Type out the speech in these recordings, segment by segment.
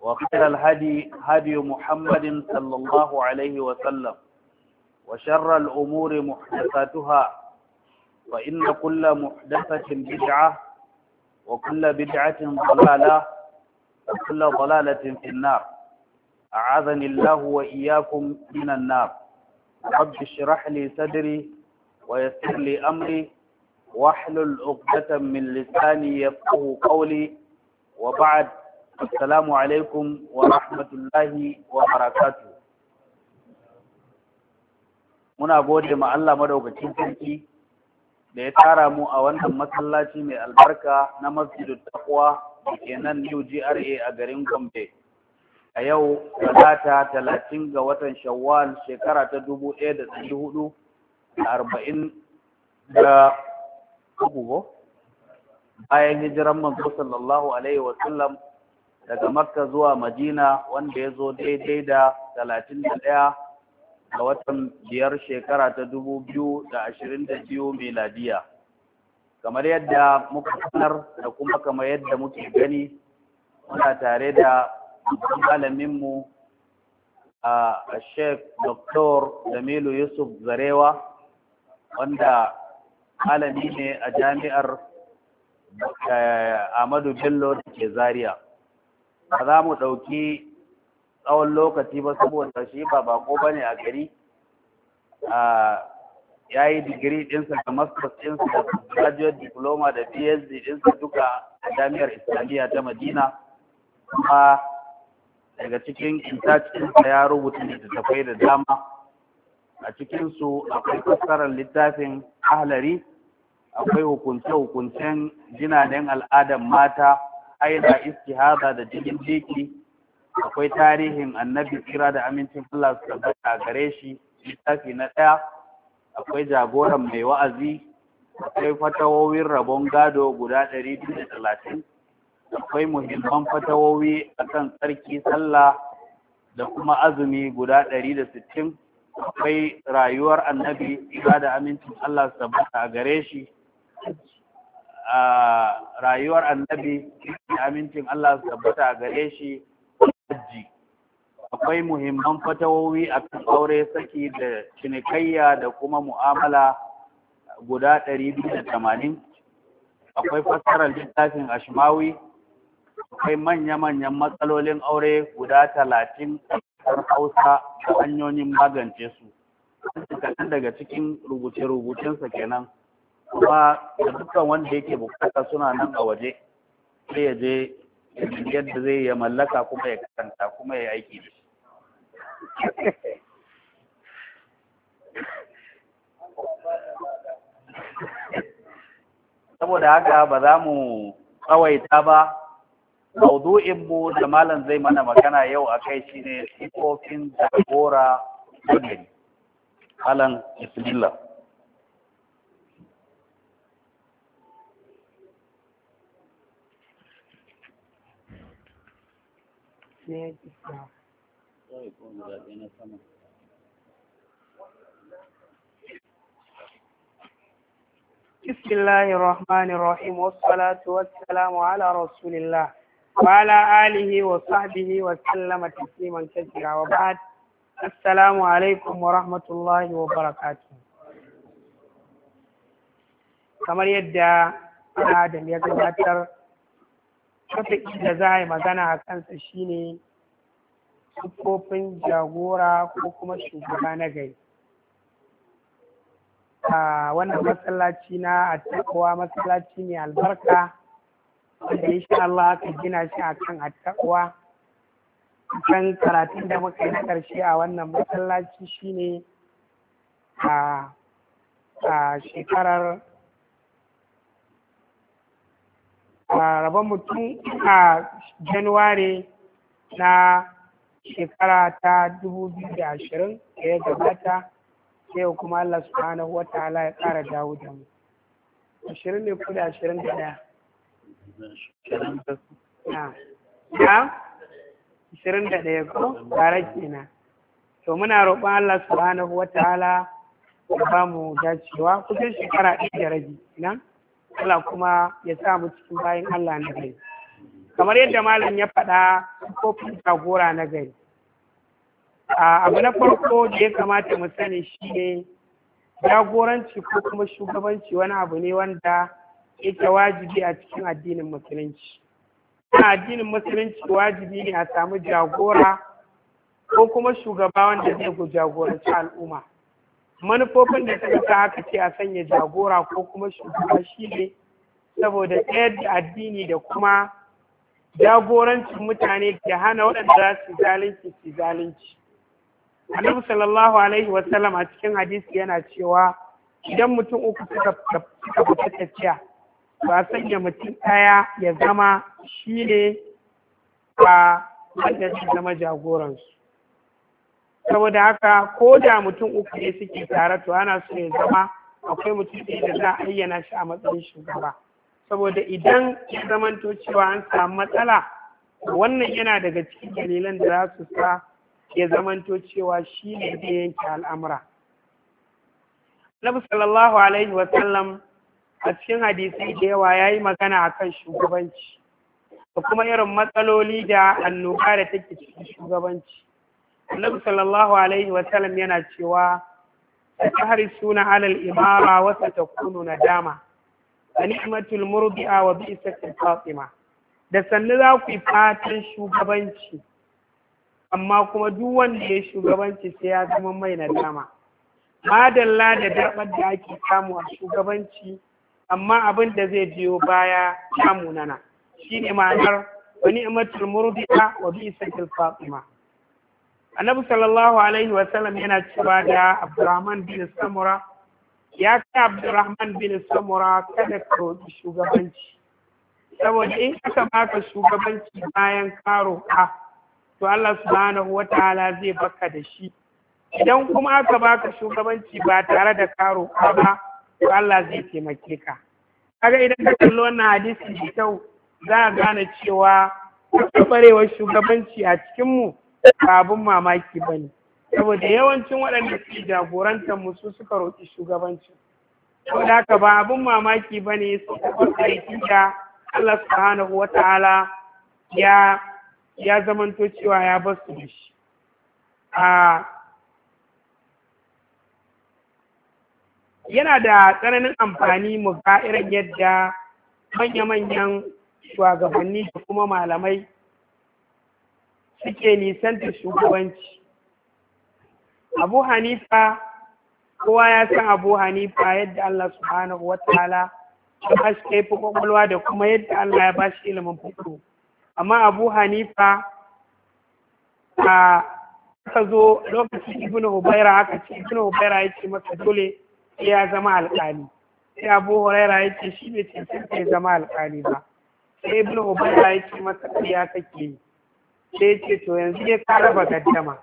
وخير الهدي هدي محمد صلى الله عليه وسلم وشر الأمور محدثاتها فإن كل محدثة بدعة وكل بدعة ضلالة وكل ضلالة في النار أعاذني الله وإياكم من النار رب اشرح لي صدري ويسر لي أمري واحلل عقدة من لساني يفقه قولي وبعد السلام عليكم ورحمة الله وبركاته muna gode ma Allah madaukacin sarki da ya tara mu a wannan masallaci mai albarka na masjidul taqwa da ke nan New GRA a garin Gombe a yau talata talatin ga watan Shawwal shekara ta dubu ɗaya da ɗari hudu da arba'in da bayan hijiran manzo sallallahu alaihi wa sallam daga makka zuwa madina wanda ya zo daidai da talatin da ɗaya ga watan biyar shekara ta dubu biyu da ashirin da biyu meladiya kamar yadda muka sanar da kuma kamar yadda muke gani muna tare da malaminmu a sheik doktor jamilu yusuf zarewa wanda malami ne a jami'ar eh, Amadu Bello da ke Zaria. ba za mu ɗauki tsawon lokaci ba saboda shi ba bako ba ne a gari ya yi digiri ɗinsa da masters ɗinsa da graduate diploma da psd ɗinsa duka a jami'ar islamiyya ta madina kuma daga cikin intach ya rubuta littattafai da dama a cikinsu akwai fassarar littafin ahlari akwai hukunce-hukuncen jinanen al'adar mata aida istihada da jikin jiki akwai tarihin annabi kira da amincin Allah su tabbata gare shi littafi na ɗaya akwai jagoran mai wa'azi akwai fatawowin rabon gado guda ɗari akwai muhimman fatawowi akan tsarki sallah da kuma azumi guda ɗari akwai rayuwar annabi kira da amincin Allah su tabbata gare shi A rayuwar annabi amincin Allah su tabbata a gare shi haji akwai muhimman fatawowi a kan aure saki da cinikayya da kuma mu'amala guda tamanin. akwai fassarar littafin ashmawi akwai manya-manyan matsalolin aure guda talatin a hausa da hanyoyin magance su kaɗan daga cikin rubuce-rubucensa kenan kuma da dukkan wanda yake bukata suna nan a waje sai ya je yadda zai ya mallaka kuma ya kasanta kuma ya aiki da shi saboda haka ba za mu tsawaita ba maudu'in mu da malam zai mana magana yau a kai shine sifofin jagora da gari alan bismillah إسناد بسم الله الرحمن الرحيم والصلاة والسلام على رسول الله وعلى آله وصحبه وسلم تسليما كثيرا وبعد السلام عليكم ورحمة الله وبركاته كما يدعى أن ya gabatar Wataƙi da za a yi magana a kansa shine siffofin jagora ko kuma shugaba na gari. Wannan masallaci na attaƙwa masallaci ne albarka wanda insha Allah aka gina shi a kan attaƙwa. Kan karatun da muka yi na ƙarshe a wannan masallaci shine a shekarar rabon mutum a januware na shekara ta 2020 da ya gabata sai kuma Allah subhanahu wa ta'ala ya kara dawo da mu ashirin ne ko da ashirin da ɗaya na ashirin da ɗaya ko tare kenan to muna roƙon Allah subhanahu wa ta'ala ya ba mu dacewa kusan shekara ɗaya da rabi ina Allah kuma ya sa mu cikin bayan Allah na gari kamar yadda malam ya faɗa kofin jagora na gari abu na farko da ya kamata mu sani shi ne jagoranci ko kuma shugabanci wani abu ne wanda yake wajibi a cikin addinin musulunci a addinin musulunci wajibi ne a samu jagora ko kuma shugaba wanda zai jagoranci al'umma manufofin da suka sa haka ce a sanya jagora ko kuma shugaba shi ne saboda tsayar da addini da kuma jagorancin mutane da hana waɗanda za su zalunci su zalunci annabi sallallahu alaihi wasallam a cikin hadisi yana cewa idan mutum uku suka fita tafiya ba sanya mutum ɗaya ya zama shi ne a wanda zai zama jagoransu saboda haka ko da mutum uku ne suke tare to ana so ya zama akwai mutum ɗaya da za a ayyana shi a matsayin shugaba saboda idan ya to cewa an samu matsala wannan yana daga cikin dalilan da za su sa ya to cewa shi ne zai yanke al'amura Nabi sallallahu alaihi wa sallam a cikin hadisai da yawa ya yi magana a kan shugabanci da kuma irin matsaloli da annoba da take cikin shugabanci annabi sallallahu alaihi wa sallam yana cewa tahrisuna suna alal imara wa satakunu nadama wa ni'matul murdi'a wa bi'satil fatima da sannu za ku yi fatan shugabanci amma kuma duk wanda ya shugabanci sai ya zama mai nadama madalla da darbar da ake samu a shugabanci amma abin da zai biyo baya samu nana shine ma'anar wa ni'matul murdi'a wa bi'satil fatima annabi sallallahu alaihi wasallam yana cewa da abdurrahman bin samura ya kai abdurrahman bin samura kada ka roƙi shugabanci saboda in aka baka shugabanci bayan ka roƙa to Allah subhanahu ta'ala zai baka da shi idan kuma aka baka shugabanci ba tare da ka roƙa ba to Allah zai taimake ka kaga idan ka kalli wannan hadisi da kyau za a gane cewa barewa shugabanci a cikin mu ba abin mamaki ba ne saboda yawancin waɗanda yi jagorantar musu suka roƙi shugabanci da haka ba abin mamaki ba ne su aiki da Allah subhanahu wata'ala ya ya zamanto cewa ya ba su shi yana da tsananin amfani mu ga irin yadda manya-manyan shugabanni da kuma malamai suke nisanta shugabanci abu hanifa kowa ya san abu hanifa yadda allah subhanahu wataala ya ba shi fi kwakwalwa da kuma yadda allah ya ba shi ilimin fito amma abu hanifa a ka zo lokacin ibn hubaira haka, ce ibn hubaira ya ce masa dole ya zama alƙali sai abu huraira ya ce shi bai cancanta sai zama alƙali ba sai ibn hubaira ya ce masa ya kake yi sai ce to yanzu ya ka raba gaddama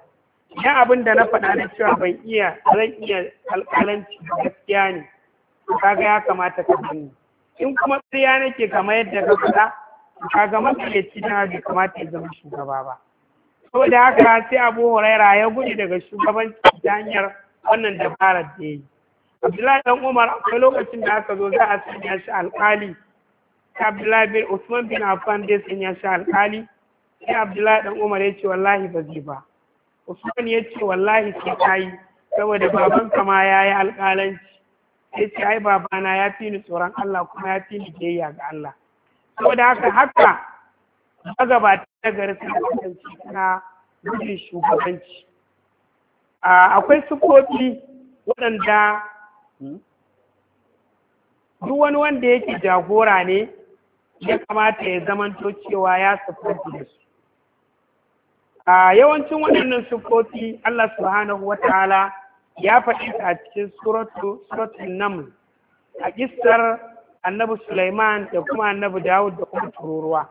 ya abin da na faɗa na cewa ban iya zan iya alƙalanci gaskiya ne kaga ya kamata ka sani in kuma tsaya nake kamar yadda ka faɗa kaga mafiyaci na bai kamata ya zama shugaba ba saboda haka sai abu huraira ya gudu daga shugabanci ta hanyar wannan dabarar da ya yi abdullahi dan umar akwai lokacin da aka zo za a sanya shi alƙali abdullahi bin usman bin affan dai sanya shi alƙali sai abdullahi dan umar ya ce wallahi ba zai ba usman ya ce wallahi sai ka yi saboda baban kama ya yi alƙalanci ya ce ai babana ya fi ni tsoron allah kuma ya fi ni biyayya ga allah saboda haka haka magabata na gari sun kasance na gudun shugabanci akwai sukofi waɗanda duk wani wanda yake jagora ne ya kamata ya zamanto cewa ya sufanci da su a yawancin waɗannan sufofi Allah subhanahu ta'ala ya faɗi a cikin suratu suratun a kissar annabi Sulaiman da kuma annabi Dawud da kuma tururuwa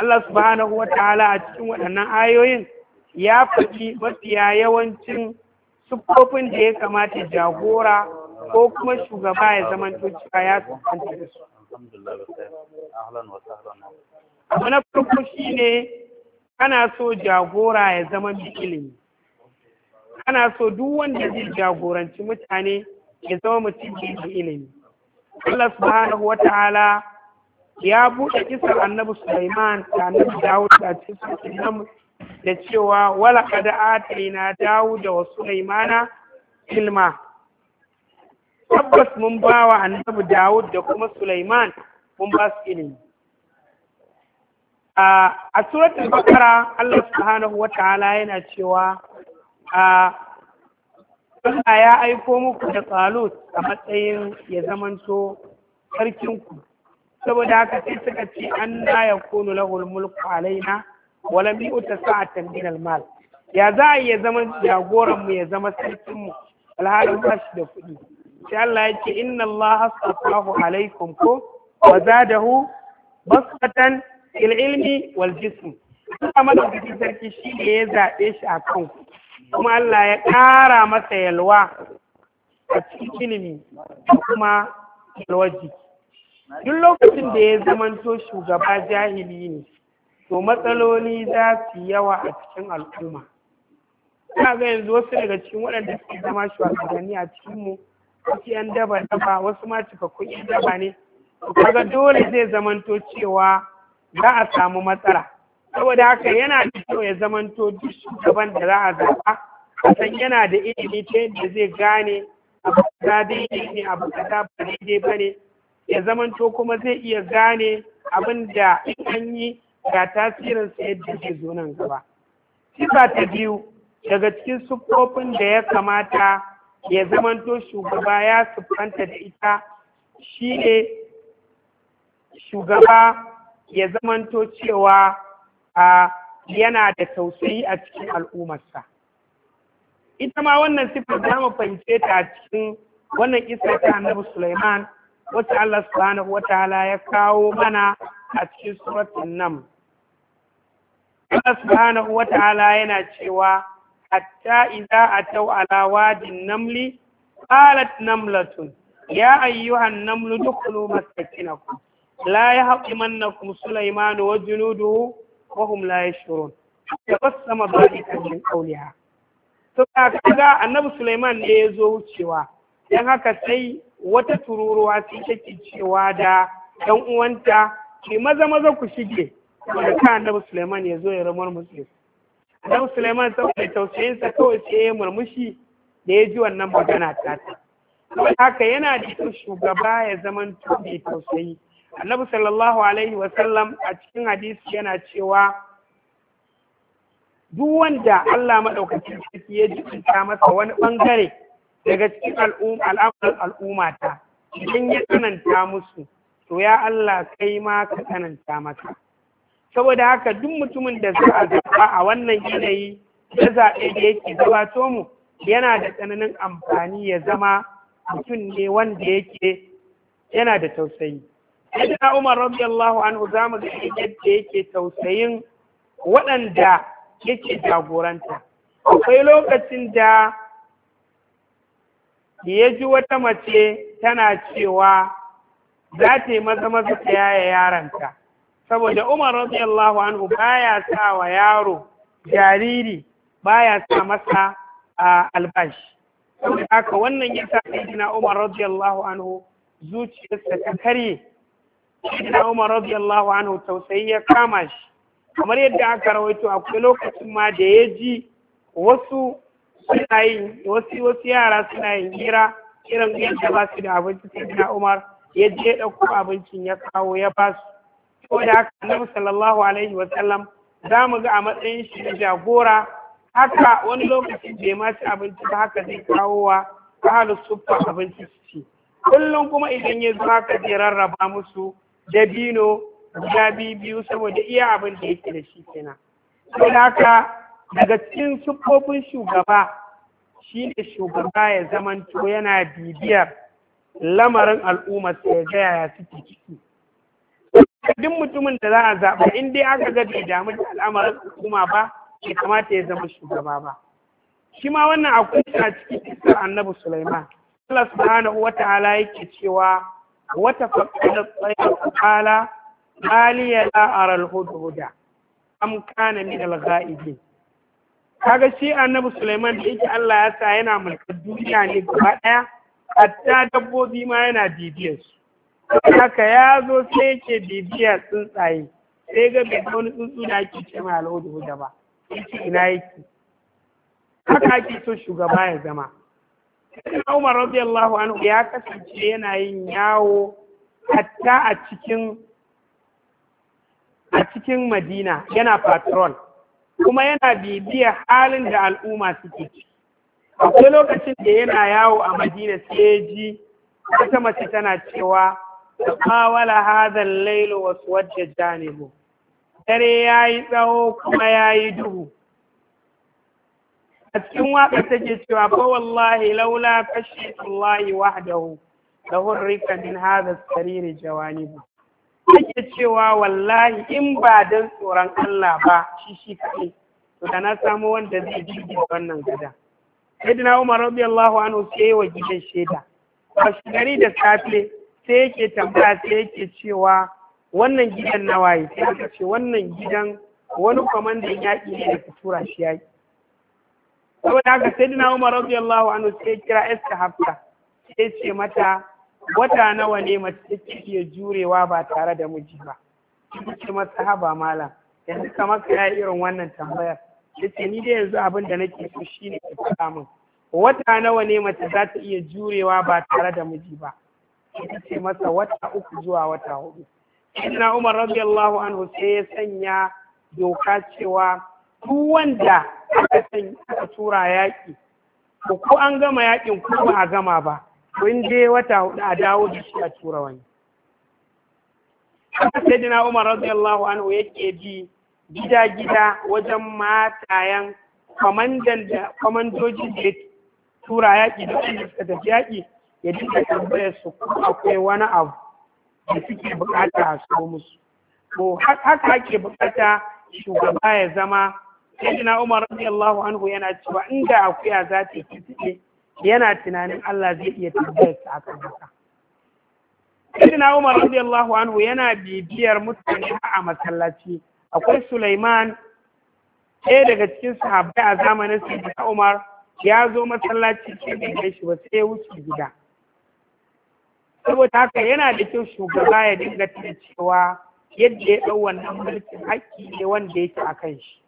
Allah subhanahu ta'ala a cikin waɗannan ayoyin ya faɗi mafiya yawancin siffofin da ya kamata jagora ko kuma shugaba ya zama cewa ya tsakanta da su. Abu na farko shi ne Ana so jagora ya zama ilimi kana so duk wanda zai jagoranci mutane ya zama mutum da ilimi Allah subhanahu wata'ala ya buɗe kisan annabi Sulaiman da annabi Dawud da cikin da cewa wala kada atina Dawud da Sulaimana ilma tabbas mun bawa annabi Dawud da kuma Sulaiman mun ba su ilimi a suratul bakara Allah subhanahu wa ta'ala yana cewa a ya aiko muku da tsalut a matsayin ya zamanto sarkinku saboda haka sai suka ce an na ya kunu lahul mulku alaina wala bi uta sa'atan min mal ya za a ya zama jagoran mu ya zama sarkin mu alhalin ba da kuɗi sai Allah ya ce inna Allah astafahu alaikum ko wa zadahu basatan fil ilmi wal jism Allah madaukakin sarki shi ne ya zaɓe shi a kan kuma Allah ya ƙara masa yalwa a cikin ilimi da kuma yalwar jiki duk lokacin da ya zamanto shugaba jahili ne to matsaloli za su yawa a cikin al'umma ina ga yanzu wasu daga cikin waɗanda suke zama shugabanni a cikin mu wasu yan daba daba wasu ma cikakkun yan daba ne to kaga dole zai zamanto cewa za a samu matsala saboda haka yana da kyau ya zamanto duk shugaban da za a zaɓa a yana da ilimi ta yadda zai gane abu kaza daidai ne abu ba daidai ba ne ya zamanto kuma zai iya gane abin da in an yi ga tasirinsa yadda zai zo nan gaba sifa ta biyu daga cikin siffofin da ya kamata ya zamanto shugaba ya siffanta da ita shine shugaba ya zamanto cewa a yana da tausayi a cikin al'ummarsa ita ma wannan sifar za mu fahimce ta a cikin wannan isa ta annabi Sulaiman wacce Allah subhanahu wataala ya kawo mana a cikin suratul nam Allah subhanahu wataala yana cewa hatta idza ataw ala wadin namli qalat namlatun ya ayyuhan namlu dukhulu masakinakum la yahqimannakum sulaiman wa junuduhu wa hum la yashurun tabassama dhalika kan qawliha to kaga annabi sulaiman ne ya zo wucewa dan haka sai wata tururuwa sai take cewa da ɗan uwanta ki maza maza ku shige da ka annabi sulaiman ya zo ya ramar musu annabi sulaiman tausayin tausayinsa kawai sai ya murmushi da ya ji wannan magana ta ta haka yana da kyau shugaba ya zaman mai tausayi annabi sallallahu alaihi wasallam a cikin hadisi yana cewa duk wanda Allah maɗaukacin sarki ya jikinta masa wani ɓangare daga cikin al'amuran al'ummata idan ya tsananta musu to ya Allah kai ma ka tsananta masa saboda haka duk mutumin da za a zaɓa a wannan yanayi na zaɓe da yake gabato mu yana da tsananin amfani ya zama mutum ne wanda yake yana da tausayi Sayyidina Umar radiyallahu anhu zamu ga yadda yake tausayin waɗanda yake jagoranta. Akwai lokacin da ya ji wata mace tana cewa za ta yi maza maza ta yaya yaranta. Saboda Umar radiyallahu anhu baya sa wa yaro jariri baya sa masa a albashi. Saboda haka wannan ya sa Sayyidina Umar radiyallahu anhu zuciyarsa ta karye Sayyidina Umar radiyallahu anhu tausayi ya kama shi kamar yadda aka rawaito akwai lokacin ma da ya ji wasu suna yin wasu wasu yara suna yin hira irin yadda ba su da abinci Sayyidina Umar ya je ɗauko abincin ya kawo ya ba su ko da haka Annabi sallallahu alaihi wa sallam za mu ga a matsayin shi na jagora haka wani lokacin bai ma ci abinci ba haka zai kawo wa ahalus suffa abinci su kullum kuma idan ya zo haka zai rarraba musu dabino guda biyu saboda iya abin da yake da shi kenan saboda haka daga cikin siffofin shugaba shi ne shugaba ya zamanto yana bibiyar lamarin al'ummar ya ga yaya suke ciki duk mutumin da za a zaɓa in dai aka ga bai damu da al'amarin al'umma ba ya kamata ya zama shugaba ba shi ma wannan akwai a cikin annabi sulaiman Allah subhanahu wa ta'ala yake cewa wata faɗaɗa tsayin kala maliya la'arar hudu-huda am kana min al kaga shi annabi suleiman da yake Allah ya sa yana mulkar duniya ne gaba daya hatta dabbobi ma yana bibiyar su haka ya zo sai yake bibiya tsuntsaye sai ga bai wani tsuntsu da ake ce mai alhudu ba yake ina yake haka ake so shugaba ya zama na Umar radiyallahu anhu ya kasance yana yin yawo hatta a cikin a Madina yana patrol kuma yana bibiya halin da al'umma suke ci. Akwai lokacin da yana yawo a Madina sai ji wata mace tana cewa taqawala hadha al wasu wa suwajja janibu dare yayi tsawo kuma yayi duhu a cikin waƙar take cewa fa wallahi laula kashitullahi wahdahu la hurrika min hadha ba. Ta take cewa wallahi in ba dan tsoron Allah ba shi shi kai to da na samu wanda zai jirgi wannan gada sayyidina Umar radiyallahu anhu sai wa gidan shaida shi gari da safe sai yake tambaya sai yake cewa wannan gidan yi sai aka ce wannan gidan wani kwamandan yaƙi ne da tura shi yaƙi saboda haka sai dina umar radiyallahu anhu sai kira iska hafta sai ce mata wata nawa ne mace take iya jurewa ba tare da miji ba ce masa haba malam yanzu kamar ka yi irin wannan tambayar ce ni dai yanzu abin da nake so shine ka faɗa min wata nawa ne mace za ta iya jurewa ba tare da miji ba ce masa wata uku zuwa wata hudu sai Umar radiyallahu anhu sai ya sanya doka cewa duk wanda aka san aka tura yaƙi ko ko an gama yaƙin ko ba a gama ba ko in dai wata hudu a dawo da shi a tura wani haka sayyidina Umar radiyallahu anhu yake bi gida gida wajen matayan kwamandan da kwamandojin da tura yaƙi da wanda suka tafi yaƙi ya dinga tambayar su ko akwai wani abu da suke bukata a so musu to haka ake bukata shugaba ya zama sayyidina Umar radiyallahu anhu yana cewa inda akuya za ta yi yana tunanin Allah zai iya tambayar ta haka sayyidina Umar radiyallahu anhu yana bibiyar mutane a masallaci akwai Sulaiman ɗaya daga cikin sahabbai a zamanin sayyidina Umar ya zo masallaci ce shi ba sai ya wuce gida saboda haka yana da kyau shugaba ya dinga cewa yadda ya ɗau wannan mulkin haƙƙi ne wanda yake a kan shi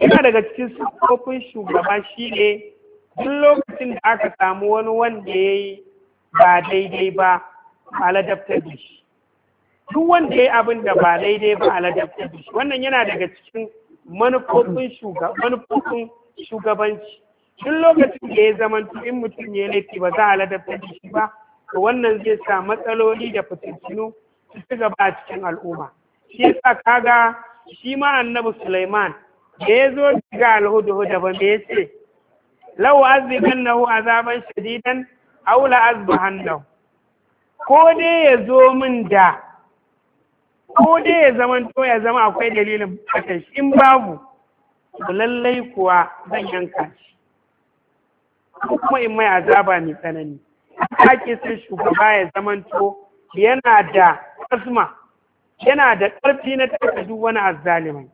yana daga cikin siffofin shugaba shine duk lokacin da aka samu wani wanda ya yi ba daidai ba ladabtar da shi duk wanda ya yi abin da ba daidai ba ladabtar da shi wannan yana daga cikin manufofin shugabanci duk lokacin da ya zama in mutum ya laifi ba za a ladabtar da shi ba to wannan zai sa matsaloli da fitintinu su ci gaba a cikin al'umma shi yasa kaga shi ma annabi Sulaiman ya zo daga alhudu da ba me ce lau azikan nahu azaban shadidan aula azbahan nahu ko dai ya zo min da ko dai ya zama to ya zama akwai dalilin fatan shi in babu lallai kuwa zan yanka shi kuma in mai azaba mai tsanani ke sun shugaba ya zama to yana da asma yana da ƙarfi na taka duk wani azzalimi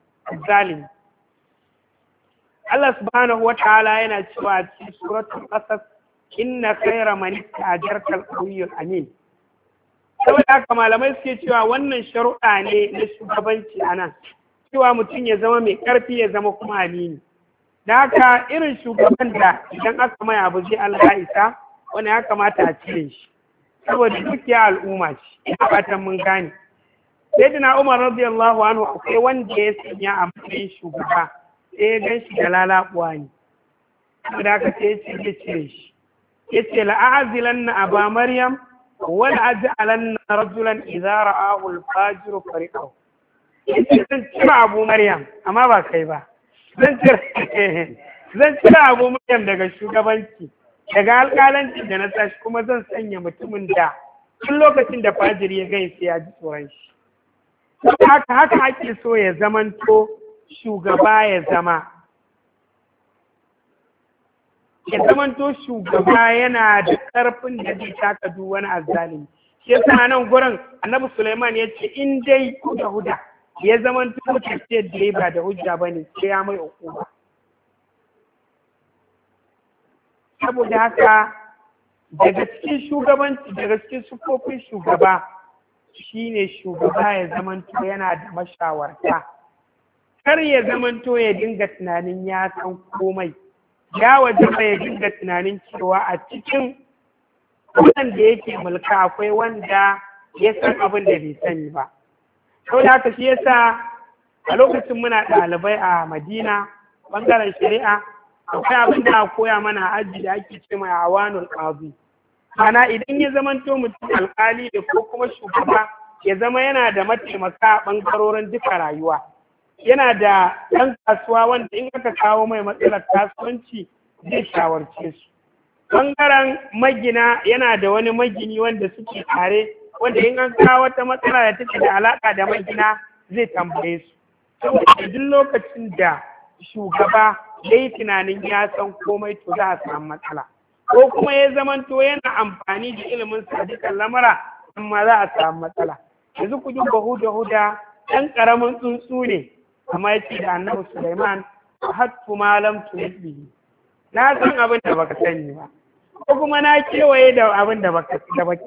Allah subhanahu wa ta'ala yana cewa cikin suratul qasas inna khayra man istajarta al-qawiyyul amin saboda haka malamai suke cewa wannan sharuɗa ne na shugabanci anan. cewa mutum ya zama mai ƙarfi ya zama kuma amini da haka irin shugaban da idan aka mai abu zai Allah isa wani ya kamata a cire shi saboda dukiya al'umma ce ina fatan mun gane sayyidina Umar radiyallahu anhu akwai wanda ya sanya a matsayin shugaba ɗaya eh, gan shi da lalabuwa ne saboda haka ce ya cire shi ya ce la'azilan na aba maryam wani alan na rajulan izara ra'ahu al fariƙau yace zan cire abu maryam amma ba kai ba zan cire abu maryam daga shugabanci daga alƙalanci da na tashi kuma zan sanya mutumin da tun lokacin da fajiri ya gani sai ya ji tsoron shi haka haka ake so ya zamanto shugaba ya zama ya zamanto shugaba yana da ƙarfin da zai taka duk wani azzalimi shi yasa nan gurin annabi Sulaiman ya ce in dai da huda ya zamanto tafiyar da ya ba da hujja bane sai ya mai hukuma saboda haka daga cikin shugabanci daga cikin sufofin shugaba shine shugaba ya zamanto yana da mashawarta kar ya zamanto ya dinga tunanin ya san komai ya waje ya dinga tunanin cewa a cikin da yake mulka akwai wanda ya san abin da bai sani ba sau da haka shi yasa a lokacin muna ɗalibai a madina bangaren shari'a akwai abin da koya mana aji da ake ce mai awanul ƙazi ana idan ya zamanto mutum alƙali da ko kuma shugaba ya zama yana da mataimaka a ɓangarorin duka rayuwa yana da ɗan kasuwa wanda in aka kawo mai matsalar kasuwanci zai shawarce su Bangaren magina yana da wani magini wanda suke tare wanda in an kawo wata matsala da take da alaƙa da magina zai tambaye su saboda duk lokacin da shugaba ya yi tunanin ya san komai to za a samu matsala ko kuma ya zamanto yana amfani da ilimin sadikan lamura amma za a samu matsala yanzu ku duba huda huda ɗan ƙaramin tsuntsu ne amma ce da annabi Sulaiman hattu ma lam tuhibbi na san abin da baka sani ba ko kuma na kewaye da abin da baka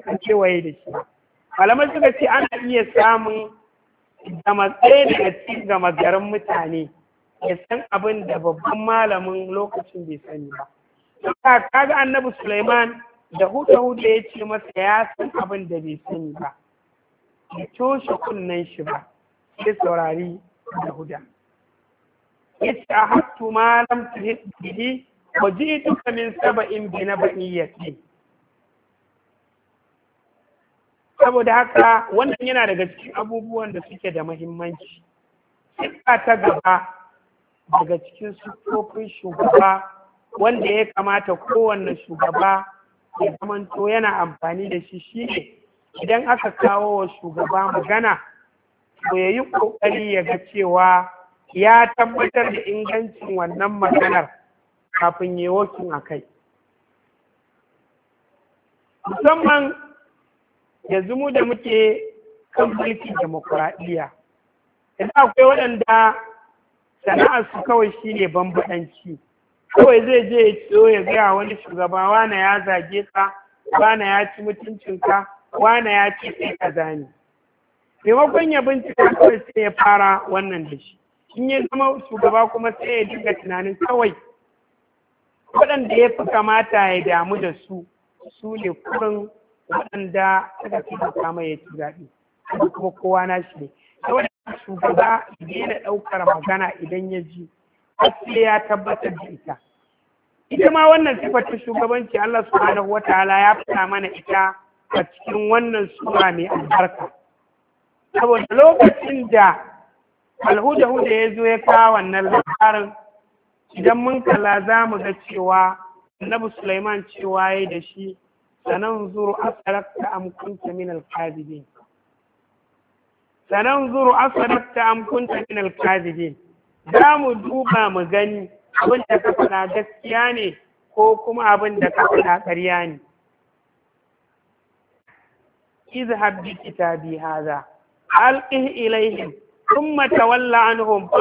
da kewaye da shi malamai suka ce ana iya samun da daga cikin gamagarin mutane ya san abin da babban malamin lokacin bai sani ba ka kaga annabi Sulaiman da huta huta ya ce masa ya san abin da bai sani ba ya toshe kunnen shi ba sai saurari da huda yace ahattu ma lam tuhit bihi wa min saba'in bi saboda haka wannan yana daga cikin abubuwan da suke da mahimmanci sifa ta gaba daga cikin siffofin shugaba wanda ya kamata kowanne shugaba ya zamanto yana amfani da shi shine idan aka kawo wa shugaba magana to ya yi ƙoƙari ya ga cewa ya tabbatar da ingancin wannan maganar kafin ya wakin a kai musamman yanzu mu da muke kan mulkin demokuraɗiyya idan akwai waɗanda sana'ar su kawai shi ne bambaɗanci kawai zai je ya ciyo ya gaya wani shugaba wane ya zage ka wana ya ci mutuncinka wana ya ci sai ka zane maimakon ya bincika kawai sai ya fara wannan da shi in ya zama shugaba kuma sai ya dinga tunanin kawai waɗanda ya fi kamata ya damu da su su ne kurin waɗanda suka fi mai ya ci zaɓe kuma kowa na shi ne saboda shugaba ya na ɗaukar magana idan ya ji sai ya tabbatar da ita ita ma wannan sifatin shugabanci Allah subhanahu wataala ya faɗa mana ita a cikin wannan sura mai albarka saboda lokacin da alhuda-huda ya zo ya kawo wannan labarin idan mun kala za mu ga cewa annabi Sulaiman cewa ya da shi sanan zuru asarakta am kunta min al-kadibin sanan zuru asarakta am kunta min al-kadibin za mu duba mu gani abin da ka faɗa gaskiya ne ko kuma abin da ka faɗa ƙarya ne izhab bi kitabi hadha alqih ilaihim thumma tawalla anhum a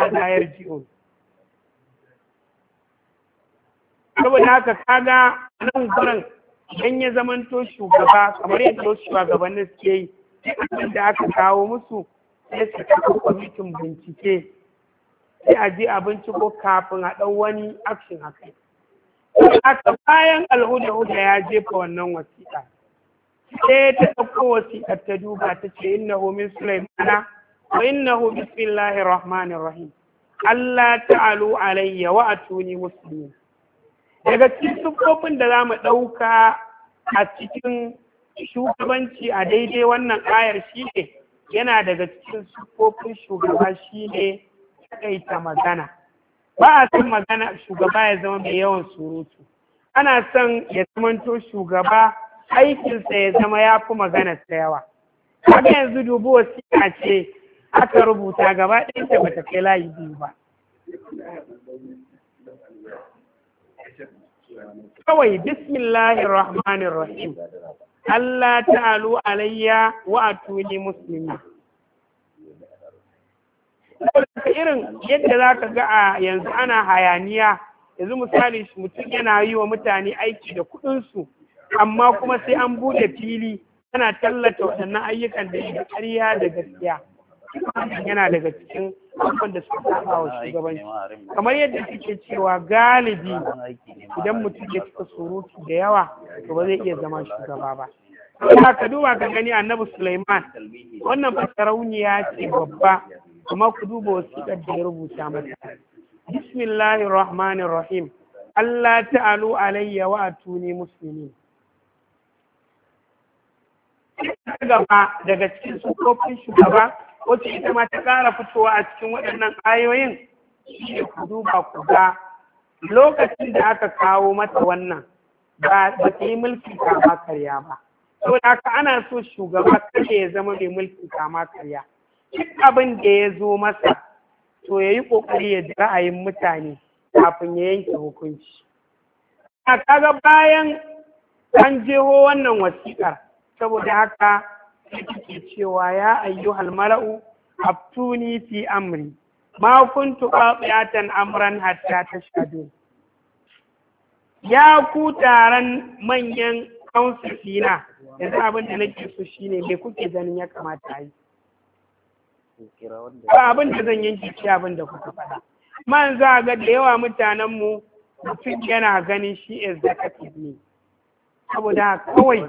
mada yarji'un saboda haka kaga nan gurin idan ya zamanto shugaba kamar yadda wasu shugabannin suke yi abin da aka kawo musu ya su kwamitin bincike sai a je a binciko kafin a ɗau wani action a kai. Haka bayan alhuda-huda ya jefa wannan wasiƙa. sai ta ɗauko wasiƙar ta duba ta ce innahu min sulaimana wa yin bismillahir rahmanir rahim Allah ta'alu alayya wa atuni muslimin daga cikin siffofin da za mu ɗauka a cikin shugabanci a daidai wannan ayar shine yana daga cikin siffofin shugaba shine takaita magana ba a san magana shugaba ya zama mai yawan surutu ana son ya zamanto shugaba aikinsa ya zama ya fi ta yawa haka yanzu dubu wasiƙa ce aka rubuta gaba ɗayanta ba ta kai layi biyu ba kawai bismillahi rahmanir rahim Allah ta'alu alayya wa atuni muslimi saboda irin yadda za ka ga a yanzu ana hayaniya yanzu misali mutum yana yi wa mutane aiki da kuɗinsu amma kuma sai an bude fili tana tallata waɗannan ayyukan da da ƙarya da gaskiya yana daga cikin abin da suka saba wa shugabanci kamar yadda suke cewa galibi idan mutum ya cika surutu da yawa to ba zai iya zama shugaba ba Ina ka duba ka gani annabi Sulaiman wannan fasarauniya ce babba kuma ku duba wasiƙar da ya rubuta mata Bismillahir Rahmanir Rahim Allah ta'alu alayya wa atuni muslimin ta gaba daga cikin sufofin shugaba wacce ita ma ta ƙara fitowa a cikin waɗannan ayoyin shi ku duba ku ga lokacin da aka kawo mata wannan ba da ta yi mulki kama karya ba da haka ana so shugaba kada ya zama mai mulki kama karya duk abin da ya zo masa to ya yi ƙoƙari ya ji ra'ayin mutane kafin ya yanke hukunci a kaga bayan an jeho wannan wasiƙar saboda haka yake cewa ya ayyuhal mala'u aftuni fi amri ma kuntu qati'atan amran hatta tashhadu ya ku taron manyan council dina yanzu abin da nake so shine me kuke ganin ya kamata yi abin da zan yanke ce abin da kuka faɗa man za ga da yawa mutanenmu mutum yana ganin shi is the ne saboda kawai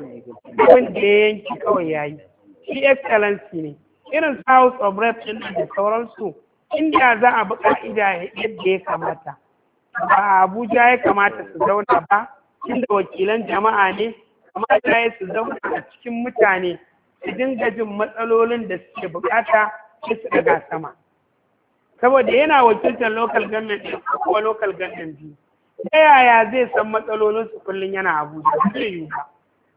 abin da ya yanki kawai ya yi shi excellency ne irin house of rep din da sauransu inda za a bi ka'ida yadda ya kamata ba abuja ya kamata su zauna ba inda wakilan jama'a ne kamata ya su zauna a cikin mutane su dinga jin matsalolin da suke bukata sai su daga sama saboda yana wakiltar local government ko local government biyu ta yaya zai san su kullum yana abuja zai yi ba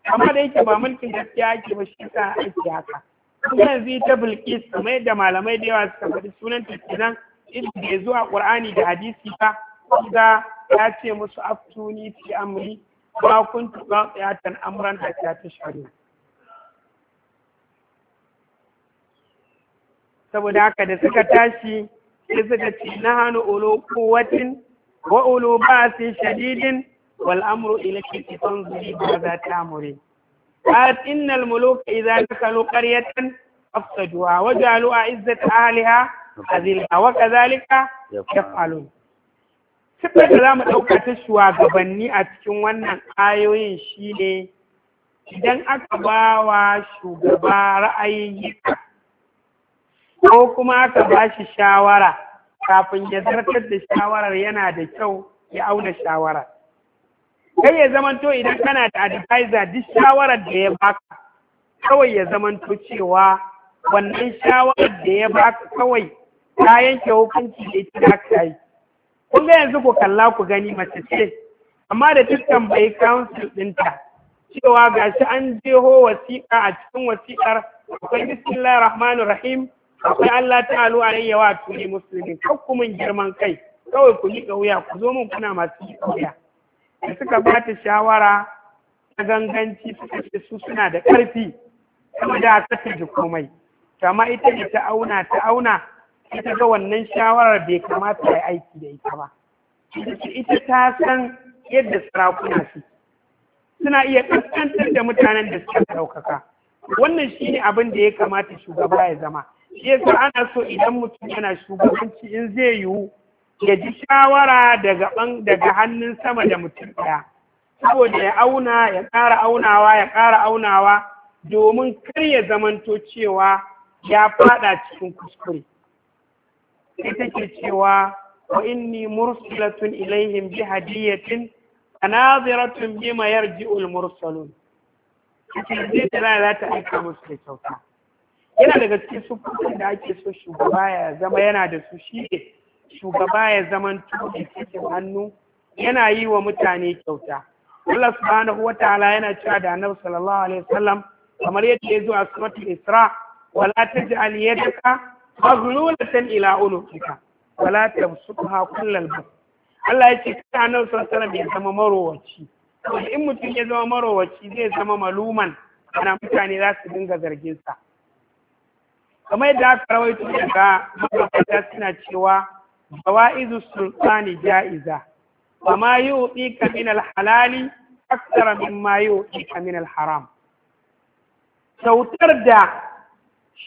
amma da yake ba mulkin gaskiya ake ba shi sa ake haka sunan zai ta bilkis mai da malamai da yawa suka faɗi sunan ta kenan inda zuwa qur'ani da hadisi ba ga ya ce musu aftuni fi amri ma kuntu qati'atan amran ta tashhadu saboda haka da suka tashi sai suka na hannu olo wa'ulu ba ba'si shadidin wal amru ilayki tanzuri ba za ta'muri قالت إن الملوك إذا دخلوا قرية أفسدوها وجعلوا أعزة أهلها أذلة وكذلك يفعلون Sifar da za mu ɗauka ta shugabanni a cikin wannan ayoyin shi ne, idan aka ba wa shugaba ra'ayi ko kuma aka ba shi shawara, kafin ya zartar da shawarar yana da kyau ya auna shawara kai ya zamanto idan kana da advisor duk shawarar da ya baka kawai ya zamanto cewa wannan shawarar da ya baka kawai ta yanke hukunci da ita da ka yi kun ga yanzu ku kalla ku gani mace ce amma da dukkan bai council ɗinta cewa gashi an jeho wasiƙa a cikin wasiƙar akwai bismillahir rahmanir rahim akwai Allah ta alayya a tuli muslimin kar ku hukumin girman kai kawai ku miƙa wuya ku zo mun kuna masu miƙa wuya da suka ba ta shawara ta ganganci suka ce su suna da ƙarfi kuma da ta ji komai kama ita ne ta auna ta auna ita ga wannan shawarar bai kamata ya aiki da ita ba ita ta san yadda sarakuna su suna iya ƙasƙantar da mutanen da suka ɗaukaka wannan shi ne abin da ya kamata shugaba ya zama shi yasa ana so idan mutum yana shugabanci in zai yiwu ya ji shawara daga daga hannun sama da mutum ɗaya saboda ya auna ya ƙara aunawa ya ƙara aunawa domin kar ya zamanto cewa ya faɗa cikin kuskure sai take cewa wa inni mursalatun ilaihim bi hadiyatin anaziratun bima yarji'ul mursalun kace zai tsara za ta aika musu da kyauta yana daga cikin sufufin da ake so shugaba ya zama yana da su shi ne shugaba ya zama tuɗe cikin hannu yana yi wa mutane kyauta Allah subhanahu wa ta'ala yana cewa da annabi sallallahu alaihi wasallam kamar yadda ya zo a suratul isra wala taj'al yadaka maghlulatan ila unuqika wala tabsutha kullal bas Allah ya ce annabi sallallahu alaihi wasallam ya zama marowaci in mutum ya zama marowaci zai zama maluman ana mutane za su dinga zargin sa kamar yadda aka rawaito daga mabata suna cewa jawaizu sultani ja'iza wa ma yu'tika min al-halali akthara mimma yu'tika min al-haram Sautar da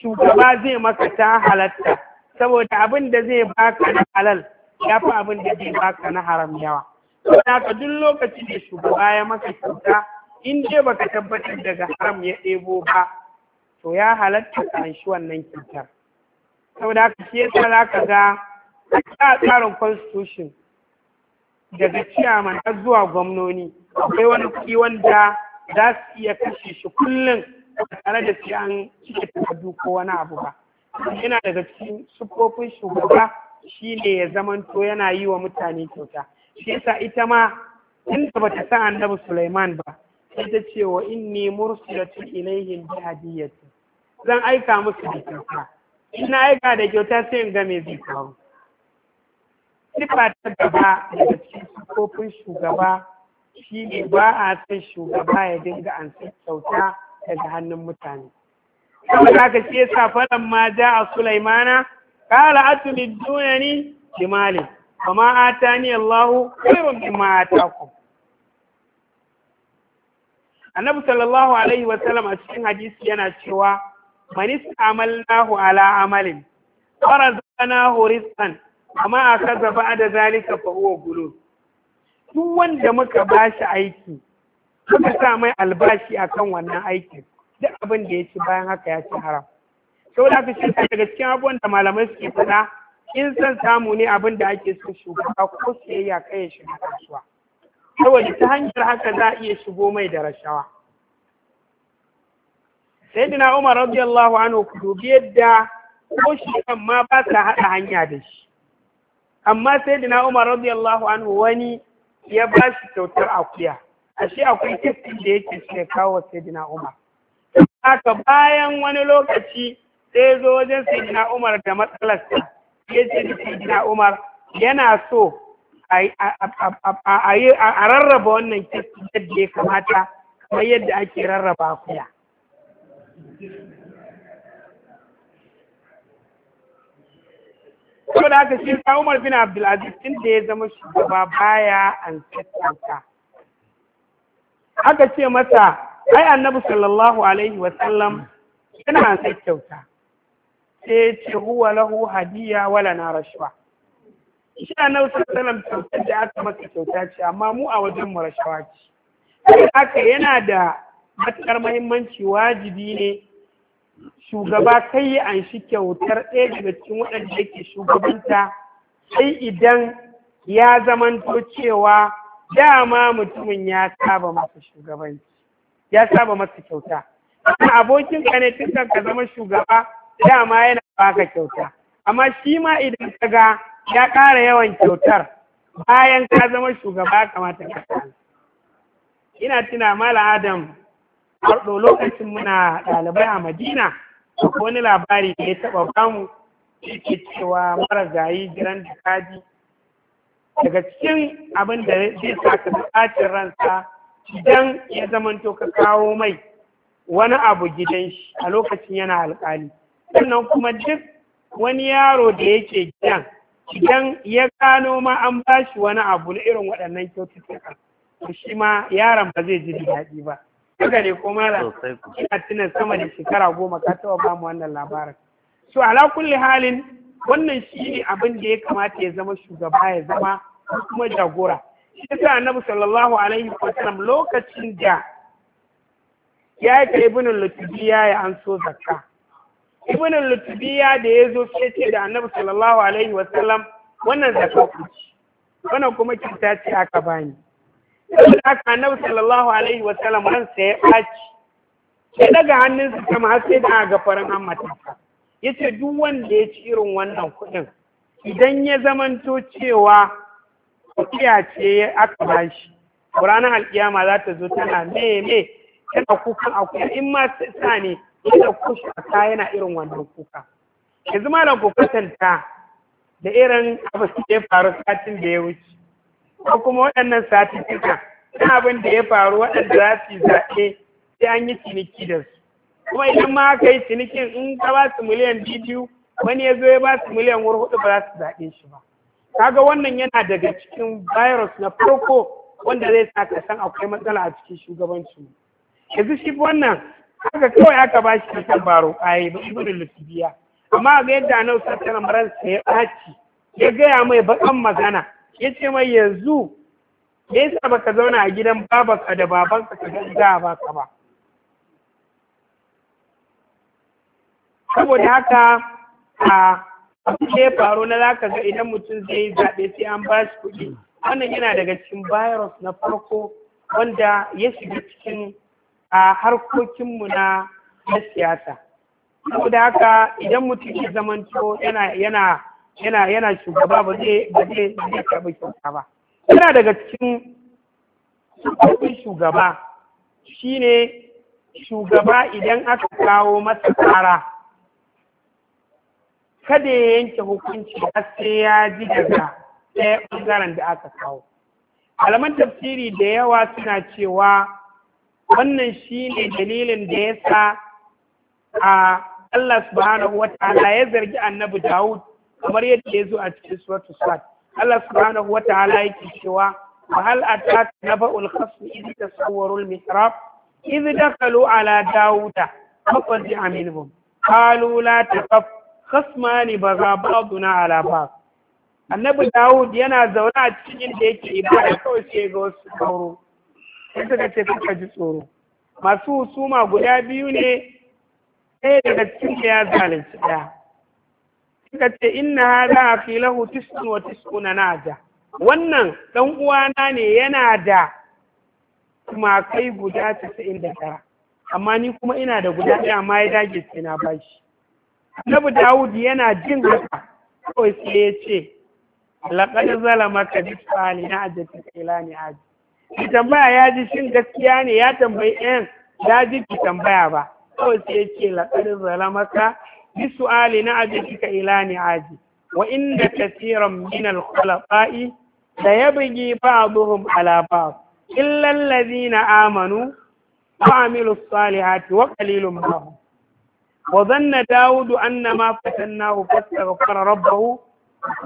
shugaba zai maka ta halatta saboda abin da zai baka na halal ya fi abin da zai baka na haram yawa saboda haka duk lokacin da shugaba ya maka kyauta in dai baka tabbatar daga haram ya ɗebo ba to ya halatta shi wannan kyautar saboda haka shi yasa za ka ga a tsarin constitution daga ciyaman har zuwa gwamnoni akwai wani kuɗi wanda za su iya kashe shi kullum tare da sai an cike takardu ko wani abu ba yana daga cikin sufofin shugaba shine ya zamanto yana yi wa mutane kyauta shi yasa ita ma inda bata san annabi Sulaiman ba sai ta ce wa inni mursilatun ilaihim bi hadiyati zan aika musu da kyauta ina aika da kyauta sai in ga me zai faru Sifata ta gaba daga cikin kofin shugaba shi ne ba a san shugaba ya dinga an kyauta daga hannun mutane saboda haka shi yasa faran ma ja a sulaimana kala atumi dunani jimali amma atani allahu khairun mimma atakum annabi sallallahu alaihi wasallam a cikin hadisi yana cewa man istamalnahu ala amalin farazanahu rizqan amma akaza ba'da zalika fa huwa duk wanda muka bashi aiki muka sa mai albashi akan wannan aikin duk abin da ya ci bayan haka ya ci haram saboda haka daga cikin abubuwan da malamai suke faɗa in san samu ne abin da ake so shugaba ko siyayya kai ya shiga kasuwa saboda ta hanyar haka za a iya shigo mai da rashawa Sai dina umar radiyallahu anhu ku dubi yadda ko shi amma ba ta haɗa hanya da shi amma sai dina umar radiyallahu anhu wani ya ba shi kyautar akuya ashe akwai kifin da yake shi kawo sai dina umar haka bayan wani lokaci sai zo wajen dina umar da matsalarsa ya ce da dina umar yana so a rarraba wannan kifin yadda ya kamata kamar yadda ake rarraba akuya da haka shi ta Umar bin Abdulaziz tun da ya zama shugaba baya an sassanta. Aka ce masa, ai annabi sallallahu alaihi wasallam yana an sassauta. Sai ce huwa lahu hadiya wala na rashuwa. Shi annabi sallallahu alaihi wasallam kyautar da aka masa kyauta ce, amma mu a wajen mu rashawa ce. Haka yana da matuƙar mahimmanci wajibi ne shugaba kai ya anshi kyautar ɗaya daga cikin waɗanda yake shugabanta sai idan ya zamanto cewa dama mutumin ya saba masa shugabanci ya saba masa kyauta kuma abokin ka ne tun ka zama shugaba dama yana baka kyauta amma shi ma idan ka ga ya ƙara yawan kyautar bayan ka zama shugaba kamata ka ina tuna malam adam harɗo lokacin muna ɗalibai a madina akwai wani labari da ya taɓa bamu yake cewa mara gayi giran da kaji daga cikin abin da zai sa ka bukacin ransa idan ya zamanto ka kawo mai wani abu gidan shi a lokacin yana alƙali sannan kuma duk wani yaro da yake gidan idan ya gano ma an ba shi wani abu na irin waɗannan kyaututtuka to shi ma yaron ba zai ji daɗi ba haka ne ko mala ina tuna sama da shekara goma ka taɓa ba mu wannan labarin so ala kulli halin wannan shi ne abin da ya kamata ya zama shugaba ya zama kuma jagora shi yasa annabi sallallahu alaihi sallam lokacin da ya yi ka ibinin lutubiya ya an so zakka ibinin lutubiya da ya zo sai ce da annabi sallallahu alaihi sallam wannan zakka kuma wannan kuma kyauta ce aka bani saboda haka annabi sallallahu alaihi wa ya ɓaci ya daga hannunsa sama har sai da aga farin hammatarsa yace duk wanda ya ci irin wannan kuɗin idan ya zamanto cewa kuɗiya ce aka ba shi ranar alƙiyama za ta zo tana meme tana kuka akuya in ma sa ne yana kushe ta yana irin wannan kuka yanzu malam ku da irin abu da ya faru satin da ya wuce ko kuma waɗannan satifika na abin da ya faru waɗanda za su yi zaɓe sai an yi ciniki da su kuma idan ma aka yi cinikin in ka ba su miliyan biyu wani ya zo ya ba su miliyan wuri hudu ba za su zaɓe shi ba kaga wannan yana daga cikin virus na farko wanda zai sa ka san akwai matsala a cikin shugabancin yanzu shi wannan haka kawai aka ba shi kan baro ƙaye ba ibn lutubiya amma ga yadda annabi tana alaihi wasallam ya ɓaci ya gaya mai baƙan magana ya ce mai yanzu me ba ka zauna a gidan babanka da babanka ka ga ba ka ba saboda haka a abin da ya faru na zaka ga idan mutum zai yi zaɓe sai an ba shi kuɗi wannan yana daga cikin virus na farko wanda ya shiga cikin a harkokinmu na siyasa saboda haka idan mutum ya zamanto yana yana yana yana shugaba ba zai ba zai zai kyauta ba yana daga cikin sufofin shugaba shine shugaba idan aka kawo masa tsara kada ya yanke hukunci har sai ya ji daga ɗaya ɓangaren da aka kawo alaman tafsiri da yawa suna cewa wannan shine dalilin da ya sa a Allah subhanahu wa ta'ala ya zargi annabi Dawud kamar yadda ya zo a cikin suratul sad Allah subhanahu wa ta'ala yake cewa wa hal ataka naba'ul khasm idh tasawwaru al mihrab idh dakhalu ala dauda faqad aminhum qalu la taqaf khasmani baga ba'duna ala ba'd annabi dawud yana zaune a cikin da yake ibada kawai sai ga wasu tsoro sai suka ce suka ji tsoro masu husuma guda biyu ne ɗaya daga cikin ya zalunci ɗaya suka ce inna hada fi lahu tis'un wa tis'una naja wannan dan uwana ne yana da tumakai guda 99 amma ni kuma ina da guda ɗaya amma ya dage sai na bashi Annabi Dawud yana jin haka kawai sai ya ce laqad zalamaka bi fali na ajati ila ni aji ki tambaya ya ji shin gaskiya ne ya tambayi ɗayan ya ji ki tambaya ba kawai sai ya ce laqad maka. bi su'ali na ajika ila ni aji wa inda kasiran min al-khulafa'i da yabghi ba'dhum ala ba'd illa alladhina amanu wa amilu salihati wa qalilun minhum wa dhanna dawudu anna ma fatannahu fastaghfara rabbahu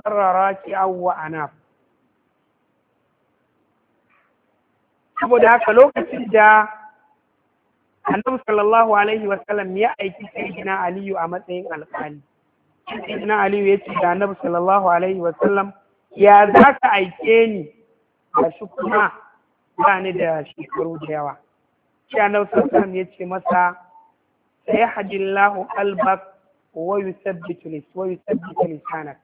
فر راكعا وأناب saboda haka lokacin da annabi sallallahu alaihi sallam ya aiki sayyidina aliyu a matsayin alƙali sayyidina aliyu ya ce da annabi sallallahu alaihi wa sallam ya za ka aike ni ga shi kuma ba ni da shekaru da yawa shi annabi sallallahu alaihi ya ce masa sayahdillahu albak wa yuthabbitu lis wa yuthabbitu lisanak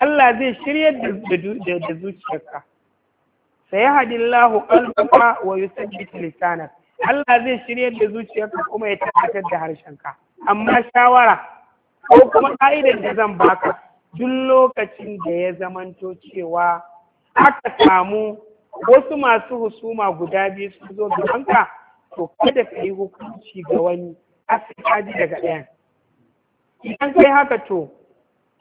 Allah zai shirya da zuciyarka sayahdillahu qalbaka wa yuthabbitu lisanak Allah zai shirya da zuciyarka kuma ya tabbatar da harshenka amma shawara ko kuma ka'idar da zan baka duk lokacin da ya zamanto cewa aka samu wasu masu husuma guda biyu su zo gabanka to kada ka yi hukunci ga wani asali daga ɗayan idan kai haka to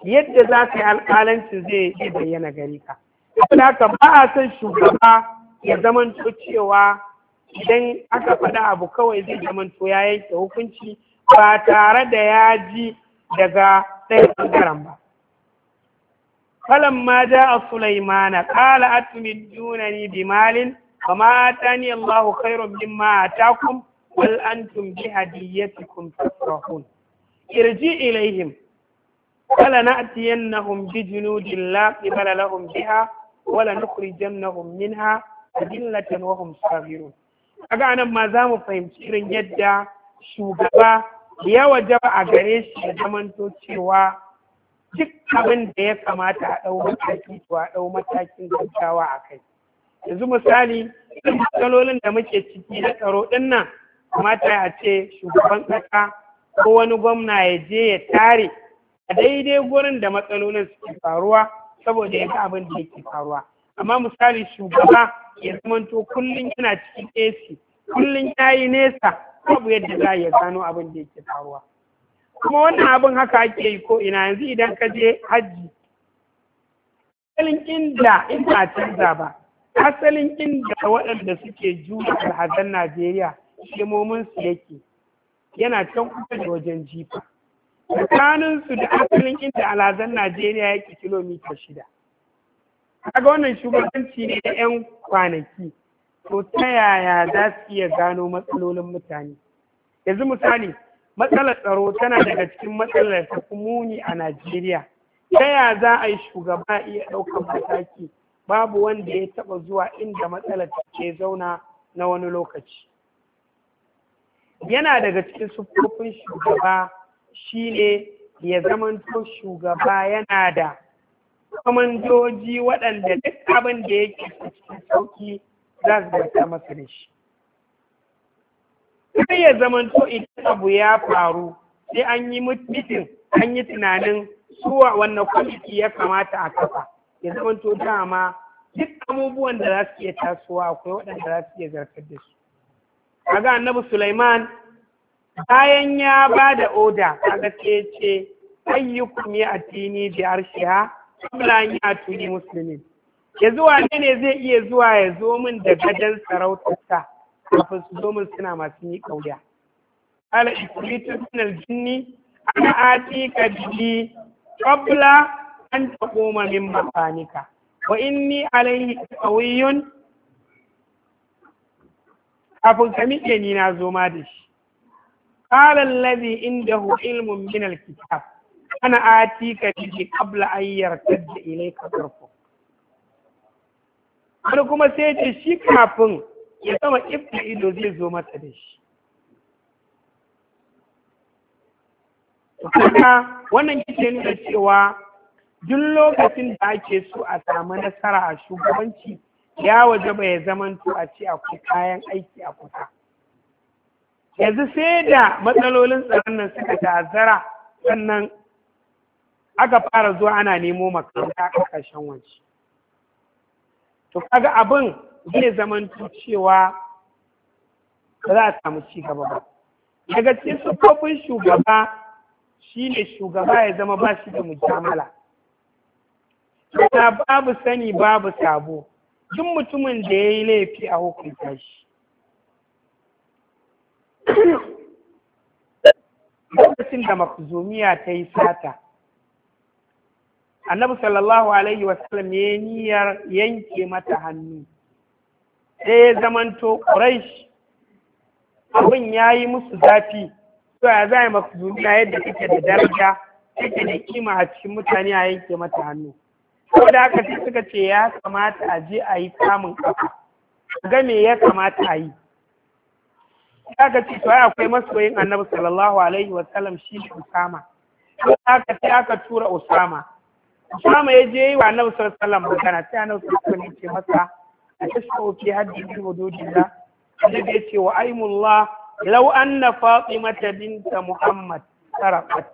yadda za ka yi alƙalanci zai yi bayyana gari ka saboda haka ba a son shugaba ya zamanto cewa idan aka faɗa abu kawai zai to ya yanke hukunci ba tare da ya ji daga ɗaya ɓangaren ba. kalan ma ja a Sulaimana, ƙala atumi dunani bi malin, ba ma Allah ku kai rubin ma takun, wal tun bi kun tasrahun. Irji ilaihim, kala na'tiyannahum bi junudin la qibala lahum biha, wala ha, minha adillatan wa hum sabirun. kaga nan ma za mu fahimci irin yadda shugaba ya wajaba a gare shi ya zamanto cewa duk abin da ya kamata a ɗau mataki to a ɗau matakin gaggawa a kai yanzu misali irin matsalolin da muke ciki na tsaro ɗin nan kamata a ce shugaban ƙasa ko wani gwamna ya je ya tare a daidai gurin da matsalolin suke faruwa saboda ya ga abin da yake faruwa amma misali shugaba ya zamanto kullum yana cikin AC kullum ya yi nesa babu yadda za ya gano abin da yake faruwa kuma wannan abin haka ake yi ko ina yanzu idan ka je hajji asalin inda in canza ba asalin inda waɗanda suke juya alhazan Najeriya himomin su yake yana can kusa da wajen jifa tsakaninsu da asalin inda alhazan Najeriya yake kilomita shida kaga wannan shugabanci ne na 'yan kwanaki to ta yaya za su iya gano matsalolin mutane yanzu misali matsalar tsaro tana daga cikin matsalar ta muni a najeriya ta yaya za a yi shugaba iya ɗaukar mataki babu wanda ya taɓa zuwa inda matsalar ke zauna na wani lokaci yana daga cikin siffofin shugaba shine ya zamanto shugaba yana da kamanjoji waɗanda duk abin da yake cikin sauki za su bauta masa da shi kar ya zamanto idan abu ya faru sai an yi mutum an yi tunanin suwa wannan kwamiti ya kamata a kafa ya zamanto dama duk abubuwan da za su iya tasowa akwai waɗanda za su iya zartar da su ga annabi Sulaiman bayan ya ba da oda a gaske ce ayyukum ya atini bi arshiha kabla an yatuni musulmi ya zuwa ne ne zai iya zuwa ya zo min da gadon sarautarsa kafin su zo min suna masu yi kauya ala ikulitin min jini ana "Ka jini qabla an ma min mafanika wa inni alaihi qawiyyun kafin ka miƙe ni na zo ma da shi qala inda hu ilmun min alkitab ana ati ka kabla qabla an ilai ka tarfu wani kuma sai ce shi kafin ya sama ibta ido zai zo masa da shi Kuka wannan kike nuna cewa duk lokacin da ake so a samu nasara a shugabanci ya waje bai zamanto a ce akwai kayan aiki a kusa. Yanzu sai da matsalolin tsaron nan suka ta'azzara sannan aka fara zuwa ana nemo makaranta a ƙarshen waje to kaga abin zai zamanto cewa ba za a samu ci gaba ba daga cikin sufofin shugaba shi ne shugaba ya zama ba shi da mujamala na babu sani babu sabo duk mutumin da ya yi laifi a hukunta shi lokacin da makzumiya ta yi sata annabi sallallahu alaihi wasallam ya niyyar yanke mata hannu sai ya zamanto quraish abin ya yi musu zafi to ya za a yi yadda take da daraja take da kima a cikin mutane a yanke mata hannu ko da haka sai suka ce ya kamata a je a yi ƙafa? kafa ga me ya kamata a yi aka ce to ai akwai masoyin annabi sallallahu alaihi wa sallam shi ne usama ko aka ce aka tura usama Usama ya je yi wa Annabi sallallahu alaihi wasallam magana sai Annabi sallallahu alaihi wasallam ya ce masa a tashko fi haddi bi hududillah Annabi ya ce wa aimullah law anna Fatimata binta Muhammad sarafat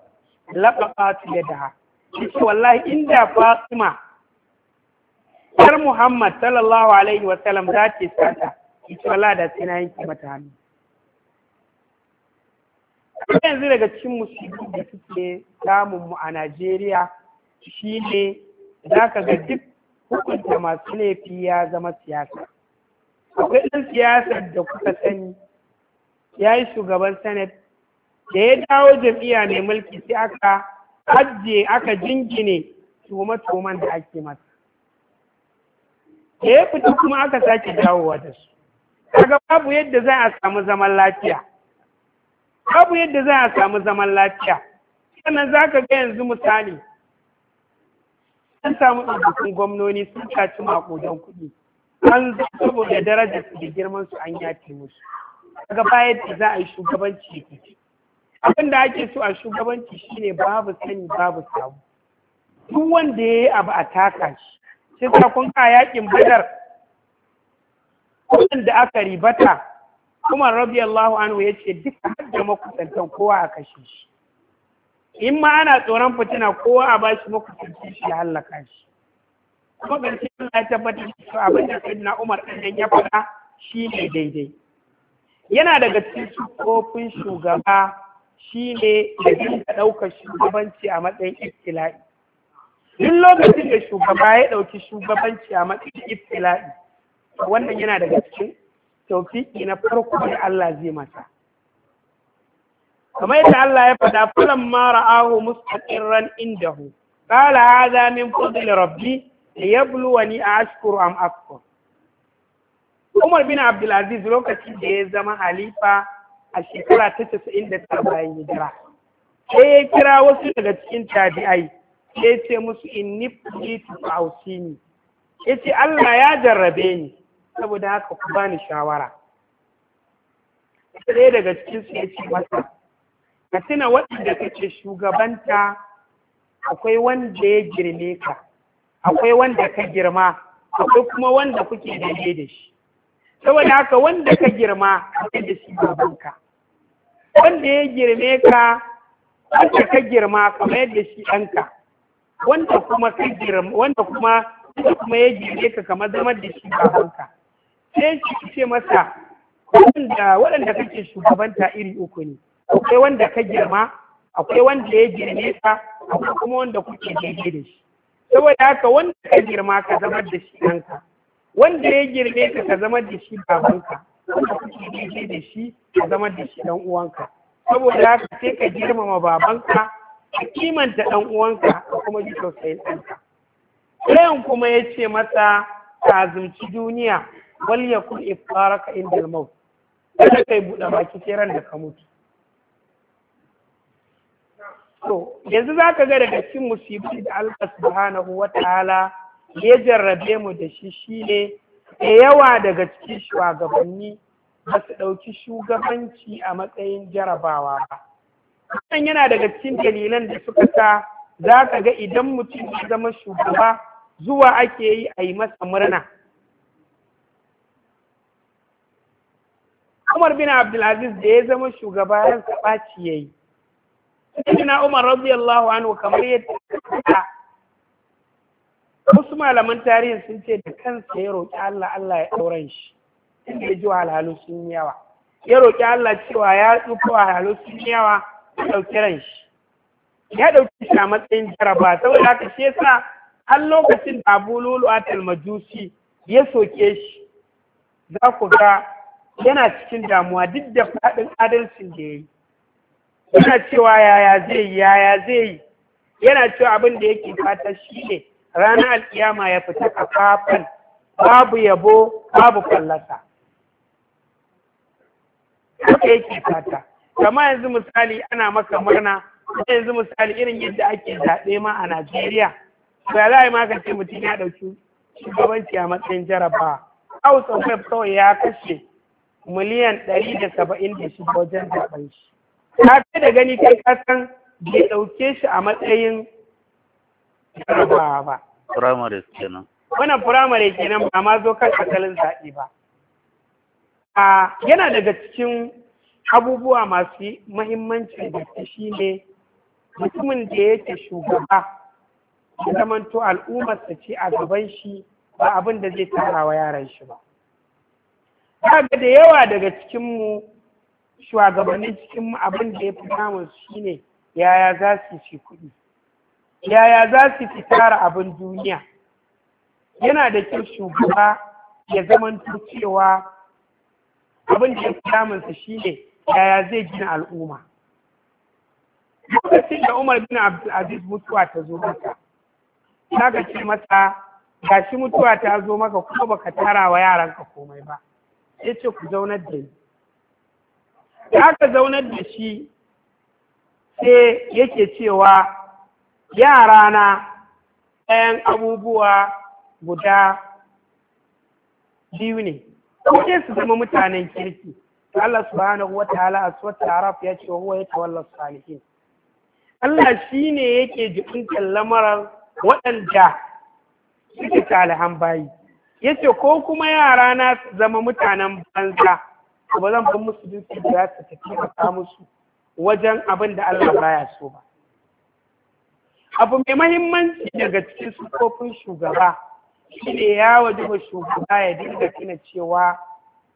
laqat yadaha yace wallahi inda Fatima Yar Muhammad sallallahu alaihi wasallam za ta sata, ita wallahi da sai na yanke mata hannu. yanzu daga cikin musibi da suke samun mu a Najeriya shi ne za ka ga duk hukunta masu laifi ya zama siyasa akwai ɗan siyasar da kuka sani ya yi shugaban senate da ya dawo jam'iyya mai mulki sai aka ajiye aka jingine tuhume-tuhumen da ake masa da ya fita kuma aka sake dawowa da su kaga babu yadda za a samu zaman lafiya babu yadda za a samu zaman lafiya sannan za ka ga yanzu misali an samu tsofaffin gwamnoni sun caci makodan kuɗi an zo saboda darajar su da girman su an yafi musu daga baya da za a yi shugabanci ya abin da ake so a shugabanci shine babu sani babu samu duk wanda ya yi abu a taka shi Sai sa kun ka yakin badar kuɗin da aka ribata kuma rabiyallahu anhu ya ce duka da makusantan kowa a kashe shi in ma ana tsoron fitina kowa a ba shi cikin shi ya hallaka shi kuma ƙarshe yana ya tabbatar da cewa abin da Sayyidina Umar ɗan ya faɗa shi ne daidai yana daga cikin kofin shugaba shi ne da dinka ɗaukar shugabanci a matsayin iftila'i duk lokacin da shugaba ya ɗauki shugabanci a matsayin iftila'i wannan yana daga cikin taufiki na farko da Allah zai masa kamar yadda Allah ya faɗa falan ma ra'ahu mustaqirran indahu qala hadha min fadli rabbi liyabluwani ashkuru am akfur Umar bin Abdul Aziz lokacin da ya zama halifa a shekara ta 99 bayan hijira sai ya kira wasu daga cikin tabi'ai sai ce musu inni fulitu ausini yace Allah ya jarrabe ni saboda haka ku bani shawara sai daga cikin su yace masa ka tuna waɗanda kake shugabanta akwai wanda ya girme ka akwai wanda ka girma akwai kuma wanda kuke daidai da shi saboda haka wanda ka girma kai da shi gabanka wanda ya girme ka wanda ka girma kamar yadda shi ɗanka wanda kuma ka girma wanda kuma kuma ya girme ka kamar zama da shi gabanka sai shi ce masa wanda waɗanda kake shugabanta iri uku ne akwai wanda ka girma akwai wanda ya girme ka akwai kuma wanda kuke daidai da shi saboda haka wanda ka girma ka zama da shi ɗanka wanda ya girme ka ka zama da shi babanka wanda kuke daidai da shi ka zama da shi ɗan uwanka saboda haka sai ka girmama babanka ka kimanta ɗan uwanka ka kuma ji sosai ɗanka Ɗayan kuma ya ce masa azumci duniya wal yakun iftaraka indal maut kada kai buɗe baki sai ran da ka mutu to yanzu za ka ga daga cikin musibin da Allah subhanahu wa ta'ala ya jarrabe mu da shi shine da yawa daga cikin shugabanni ba su ɗauki shugabanci a matsayin jarabawa ba wannan yana daga cikin dalilan da suka sa za ka ga idan mutum ya zama shugaba zuwa ake yi a yi masa murna Umar bin Abdulaziz da ya zama shugaba ransa ɓaci ya yi sayyidina Umar radiyallahu anhu kamar yadda wasu malaman tarihin sun ce da kansa ya roƙi Allah Allah ya auren shi inda ya ji wahalhalu sun yawa ya roƙi Allah cewa ya tsufa wahalhalu sun yawa ya ɗauki ran shi ya ɗauki shi a matsayin jaraba saboda haka shi yasa har lokacin da Abu a Majusi ya soke shi za ku ga yana cikin damuwa duk da faɗin adalcin da ya yi yana cewa yaya zai yi, yaya zai yi. yana cewa abin da yake fata shi ne. ranar alkiyama ya fita a kafan, babu yabo babu fallasa haka yake fata kama yanzu misali ana maka murna yanzu misali irin yadda ake zaɓe ma a Najeriya ba za a yi maka mutum ya ɗauki shugabanci a matsayin jarabawa House of kawai ya kashe miliyan ɗari da saba'in da shi wajen zaɓen shi ka fi da gani kai kasan bai ɗauke shi a matsayin ba. Firamare kenan. Wannan firamare kenan ba ma zo kan asalin zaɓe ba. A yana daga cikin abubuwa masu mahimmancin da shi ne mutumin da yake shugaba ya zamanto al'ummarsa ce a gaban shi ba abin da zai tarawa yaran shi ba. Kaga da yawa daga cikinmu shugabannin cikin abin da ya fi damun shi shine yaya za su ci kuɗi yaya za su fi tara abin duniya yana da kyau shugaba ya zama cewa abin da ya fi shi shine yaya zai gina al'umma lokacin da umar bin abdulaziz mutuwa ta zo maka ka ce masa gashi mutuwa ta zo maka kuma baka tara wa yaranka komai ba ya ce ku zaunar da ni da aka zaunar da shi sai yake cewa yarana ɗayan abubuwa guda biyu ne kuke su zama mutanen kirki Allah subhanahu wa ta'ala a suwata araf ya ce wa ya tawalla salihin Allah shi ne yake jikin lamarar waɗanda suke talihan bayi ya ce ko kuma yarana su zama mutanen banza kuma zan bar musu duki da za su samu musu wajen abin da Allah baya so ba abu mai mahimmanci daga cikin sukofin shugaba shine ya waje ma shugaba ya dinga tuna cewa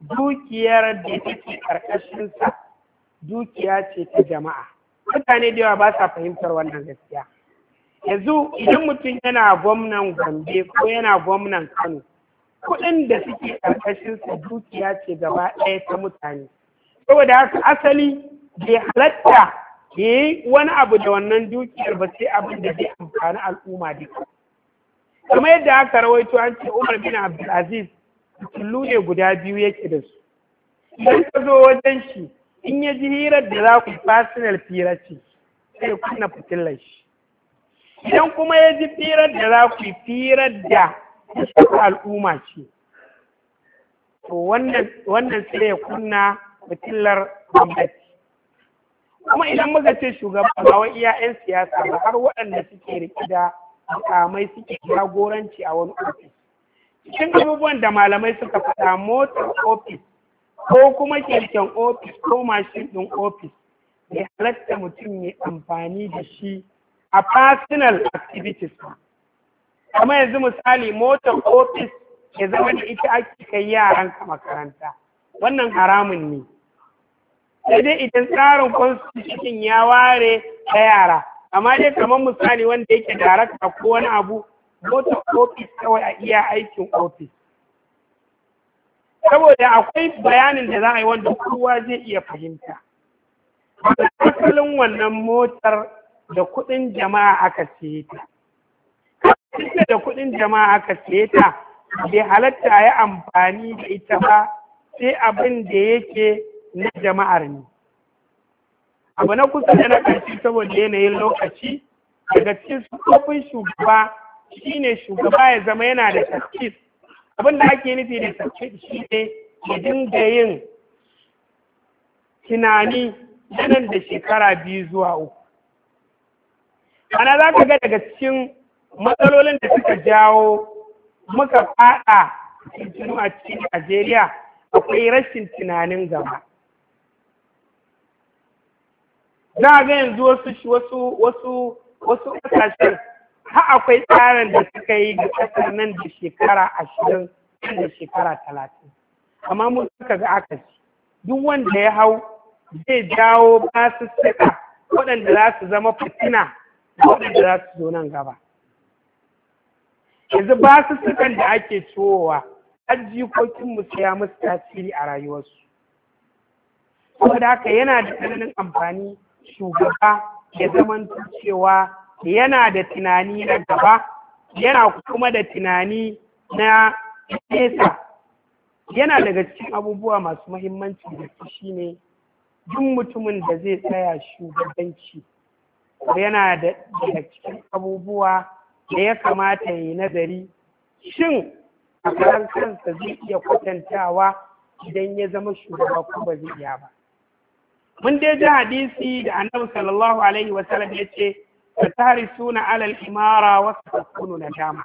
dukiyar da take ƙarƙashinsa dukiya ce ta jama'a mutane da yawa ba sa fahimtar wannan gaskiya yanzu idan mutum yana gwamnan gombe ko yana gwamnan kano kuɗin da suke ƙarƙashin sa dukiya ce gaba ɗaya ta mutane saboda haka asali bai halatta ke yi wani abu da wannan dukiyar ba sai abin da zai amfani al'umma duka Kuma yadda aka rawaito an ce umar bin abdulaziz tullu ne guda biyu yake da su idan ka zo wajen shi in ya ji hirar da za ku fasinal fira ce sai kunna fitilar shi idan kuma ya ji firar da za ku firar da da al'umma ce to wannan sai ya kunna fitilar gwamnati kuma idan muka ce shugaba ba wai iya 'yan siyasa ba har waɗanda suke riƙe da mukamai suke jagoranci a wani ofis cikin abubuwan da malamai suka faɗa motar ofis ko kuma keken ofis ko mashin ɗin ofis ya halatta mutum ya amfani da shi a personal activities ba kamar yanzu misali motar ofis ya zama da ita ake kai yaranka makaranta wannan haramun ne sai dai idan tsarin constitution ya ware ta yara amma dai kamar misali wanda yake darakta ko wani abu motar ofis kawai a iya aikin ofis saboda akwai bayanin da za a yi wanda kowa zai iya fahimta asalin wannan motar da kuɗin jama'a aka ce ta Ita da kuɗin jama'a ka siye ta, bai halatta ya yi amfani da ita ba sai abin da yake na jama'ar ne. Abu na kusa da na ƙarshe saboda yanayin lokaci, daga cikin sufofin shugaba shi ne shugaba ya zama yana da tafkis. Abin da ake nufi da tafkis shi ne ya dinga yin tunani nan da shekara biyu zuwa uku. Ana za ka ga daga cikin matsalolin da suka jawo muka fada cikin a cikin Najeriya akwai rashin tunanin gaba. Za ga yanzu wasu wasu wasu wasu kasashen har akwai tsarin da suka yi ga kasar nan da shekara ashirin nan da shekara talatin. Amma mun suka ga akasi duk wanda ya hau zai jawo basussuka waɗanda za su zama fitina waɗanda za su zo nan gaba. yanzu ba su sukan da ake ciwowa ajikokin mu sai ya musu tasiri a rayuwarsu saboda haka yana da tsananin amfani shugaba ya zama cewa yana da tunani na gaba yana kuma da tunani na nesa yana daga cikin abubuwa masu mahimmanci da su shine duk mutumin da zai tsaya shugabanci yana da daga cikin abubuwa da ya kamata ya yi nazari shin a kansa zai iya kwatantawa idan ya zama shugaba ko ba zai iya ba mun dai ji hadisi da annabi sallallahu alaihi wa sallam ya ce suna alal imara wa na dama.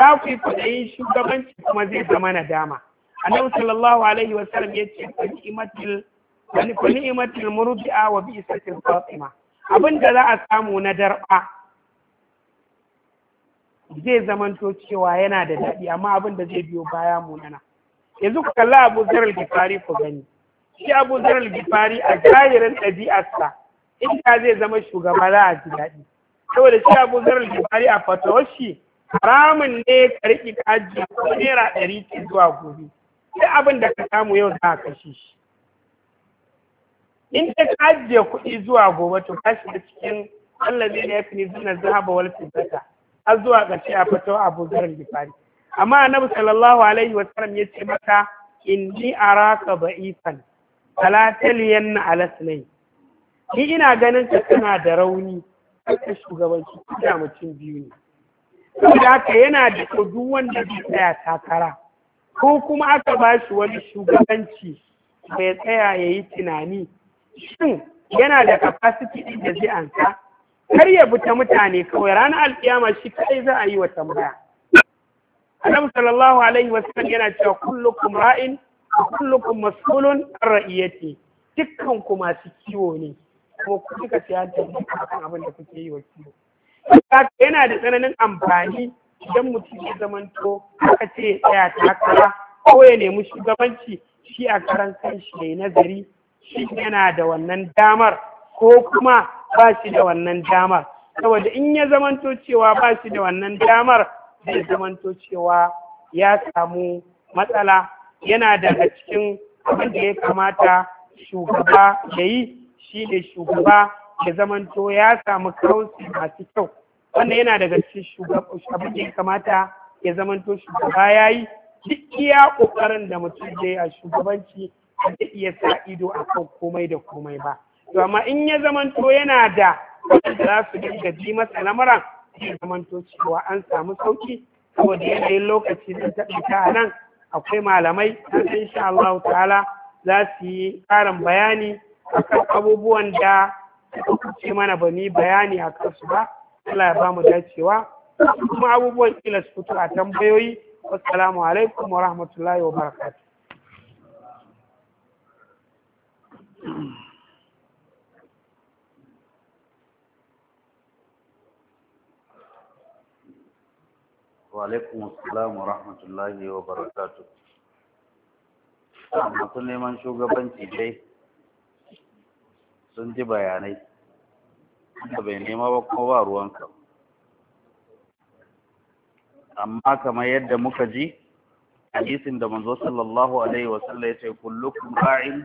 za ku yi kwaɗayin shugabanci kuma zai zama dama. annabi sallallahu alaihi wa sallam ya ce fani'imatil fani'imatil murdi'a wa bi'isatil fatima abin da za a samu na darba zai zamanto cewa yana da daɗi amma abin da zai biyo baya munana yanzu ku kalla abu zarar gifari ku gani shi abu zarar gifari a zahirin ɗabi'arsa in ka zai zama shugaba za a ji daɗi saboda shi abu zarar gifari a fatawar shi haramun ne ka riƙi kaji ko naira ɗari ce zuwa gobe sai abin da ka samu yau za a kashe shi in ka ajiye kuɗi zuwa gobe to ka shiga cikin Allah zai ya fi ni zuna zahaba wal fitata har zuwa ƙarshe a fito Abu Zar al amma Annabi sallallahu alaihi wa sallam ya ce mata inni araka ba'ifan ala taliyanna ala sunai ni ina ganin ka tana da rauni ka shugabanci kuma mutum biyu ne saboda haka yana da duk wanda zai tsaya takara ko kuma aka ba shi wani shugabanci bai tsaya ya yi tunani shin yana da capacity ɗin da zai ansa kar ya bi mutane kawai ranar alkiyama shi kai za a yi wa tambaya annabi sallallahu alaihi wasallam yana cewa kullukum ra'in wa kullukum mas'ulun an ra'iyati dukkan ku masu kiwo ne kuma ku kika ce an akan abin da kuke yi wa kiwo yana da tsananin amfani idan mutum ya zamanto aka ce ya tsaya takara ko ya nemi shugabanci shi a karan shi ya yi nazari shi yana da wannan damar ko kuma ba shi da wannan damar saboda in ya zamanto cewa ba shi da wannan damar zai zamanto cewa ya samu matsala yana daga cikin abin da ya kamata shugaba ya yi shi ne shugaba ya zamanto ya samu kausi masu kyau wannan yana daga cikin abin da ya kamata ya zamanto shugaba ya yi duk iya ƙoƙarin da mutum zai a shugabanci ba zai iya sa ido a kan komai da komai ba. amma in ya zamanto yana da wanda za su dinga ji masa lamaran zai zamanto cewa an samu sauki saboda yanayin lokaci da ta ɗauka nan akwai malamai insha Allah ta'ala za su yi ƙarin bayani akan abubuwan da suka ce mana ba ni bayani a kansu ba Allah ya bamu dacewa kuma abubuwan kila su fito a tambayoyi wassalamu alaikum wa rahmatullahi wa barakatuh وعليكم السلام ورحمة الله وبركاته masu neman shugabanci dai sun ji bayanai da bai nema ba kuma ba ruwanka amma kamar yadda muka ji hadisin da manzo sallallahu alaihi wasallam ya ce kullukum ra'in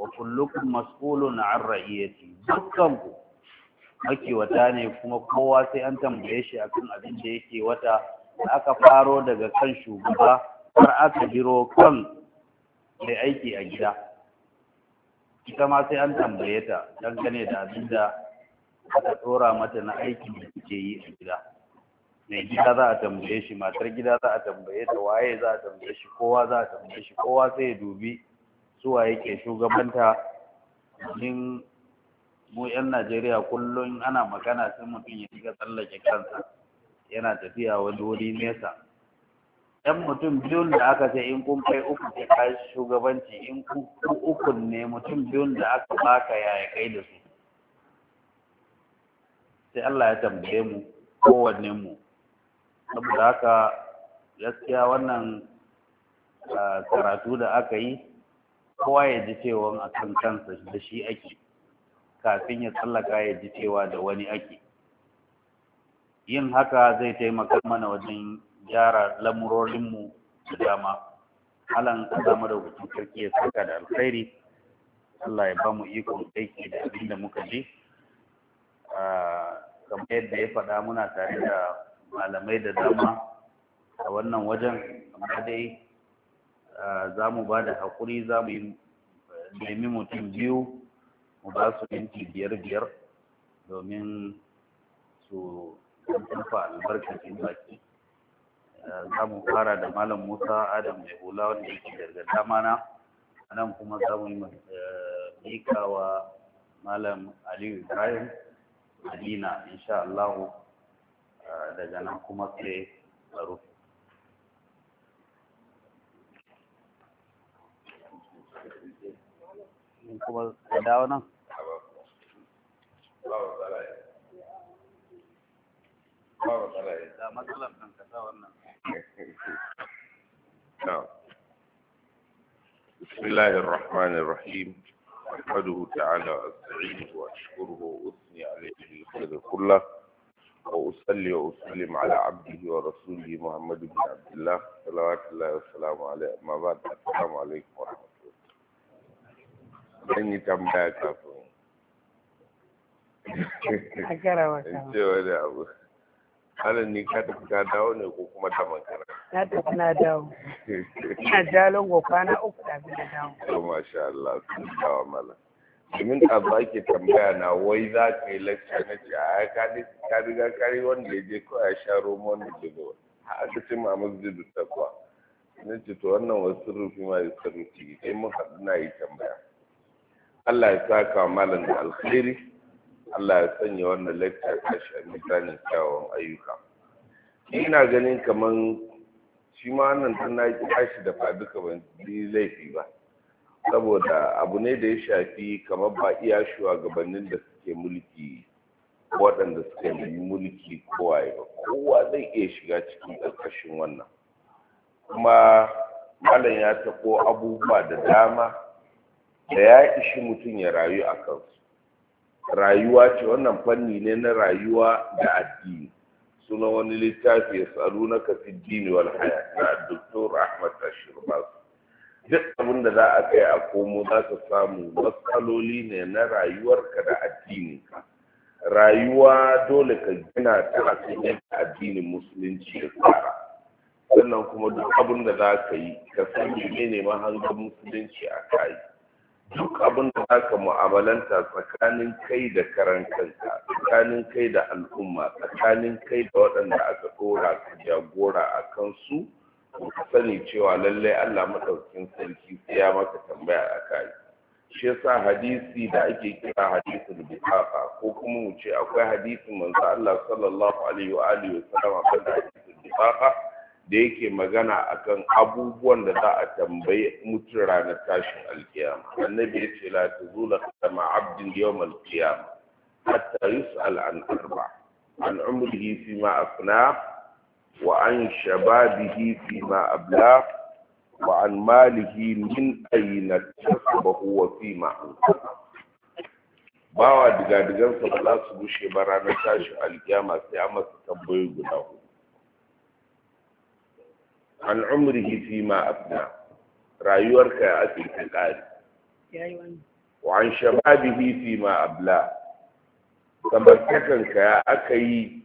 wa kullukum mas'ulun an ra'iyati dukkanku makiwata ne kuma kowa sai an tambaye shi akan abin da yake wata da aka faro daga kan shugaba har aka biro kan mai aiki a gida ita ma sai an tambaye ta dangane da abin da aka tsora mata na aiki da suke yi a gida mai gida za a tambaye shi matar gida za a tambaye ta waye za a tambaye shi kowa za a tambaye shi kowa sai ya dubi suwa yake shugabanta domin mu 'yan najeriya kullum ana magana sai mutum ya shiga tsallake kansa yana tafiya wani wuri nesa ɗan mutum biyun da aka ce in kun kai uku ke kai shugabanci in kun uku ne mutum biyun da aka baka ya kai da su sai Allah ya tambaye mu kowanne mu saboda haka gaskiya wannan karatu da aka yi kowa ya ji cewa a kan kansa da shi ake kafin ya tsallaka ya ji cewa da wani ake yin haka zai taimaka mana wajen gyara lamurorinmu da dama halan da madaukakin sarki ya saka da alkhairi Allah ya ba mu ikon aiki da abin da muka ji ah, kamar yadda ya faɗa muna tare da malamai da dama a wannan wajen amma dai ah, za mu ba da haƙuri za mu nemi mutum biyu mu ba su minti biyar biyar domin su don tafa albarkacin baki za mu fara da malam musa adam mai hula wanda yake gargada mana a nan kuma za mu yi eh, wa malam aliyu ibrahim adina, insha allahu eh, daga nan kuma sai tsaro kuma dawo nan ba بسم الله الرحمن الرحيم أحمده تعالى وأستعينه وأشكره وأثني عليه بالخير كله وأصلي وأسلم على عبده ورسوله محمد بن عبد الله صلوات الله وسلامه عليه ما بعد السلام عليكم ورحمة الله أني تنبأ أكرمك أنت ولا أبو halin ne ka tafi ta dawo ne ko kuma ta mankara na tafi na dawo ina jalon go kwana uku da na dawo to masha Allah sun dawo mala domin ta ba ke tambaya na wai za ka yi lakca na ce a ka riga kari wanda ya je ko a sha romo wanda ke zo a aka ce ma masjidu kuwa. na ce to wannan wasu rufi ma da rufi? sai mun haɗu na yi tambaya Allah ya saka malam da alkhairi Allah ya sanya wannan lecture kashi a mizanin kyawawan ayyuka ina ganin kaman shi ma wannan dan na da fa duka ban yi laifi ba saboda abu ne da ya shafi kamar ba iya shugabannin da suke mulki waɗanda suke yi mulki ya ba kowa zai iya shiga cikin ƙarƙashin wannan kuma malam ya tako abubuwa da dama da ya ishi mutum ya rayu a kansu rayuwa ce wannan fanni ne na rayuwa da addini suna wani littafi ya tsaro na kafin dini wal haya na doktor ahmad ashir duk abin da za a kai a komo za ka samu matsaloli ne na rayuwarka da addininka rayuwa dole ka gina ta a cikin addinin musulunci da tsara sannan kuma duk abin da za ka yi ka san mene ne mahangar musulunci a kayi duk abin da aka mu'amalanta tsakanin kai da karan tsakanin kai da al'umma tsakanin kai da waɗanda aka ɗora ka jagora a kansu ka sani cewa lallai Allah maɗaukin sarki sai ya maka tambaya a kai shi yasa hadisi da ake kira hadisul bifafa ko kuma mu ce akwai hadisin manzo Allah sallallahu alaihi wa alihi wa sallama kan hadisul bifafa da yake magana akan abubuwan da za a tambayi mutum ranar tashin alkiyama annabi ya ce la tuzula kama abdin yawm alkiyama hatta yus'al an arba an umrihi fi ma afna wa an shababihi fi ma abla wa an malihi min ayna kasbahu wa fi ma bawa diga digansa ba za su bushe ba ranar tashin alkiyama sai a masa tambayoyi guda hudu an umrihi fi ma afna rayuwarka ya ake ta ƙari wa an shababihi fi ma abla samartakanka ya aka yi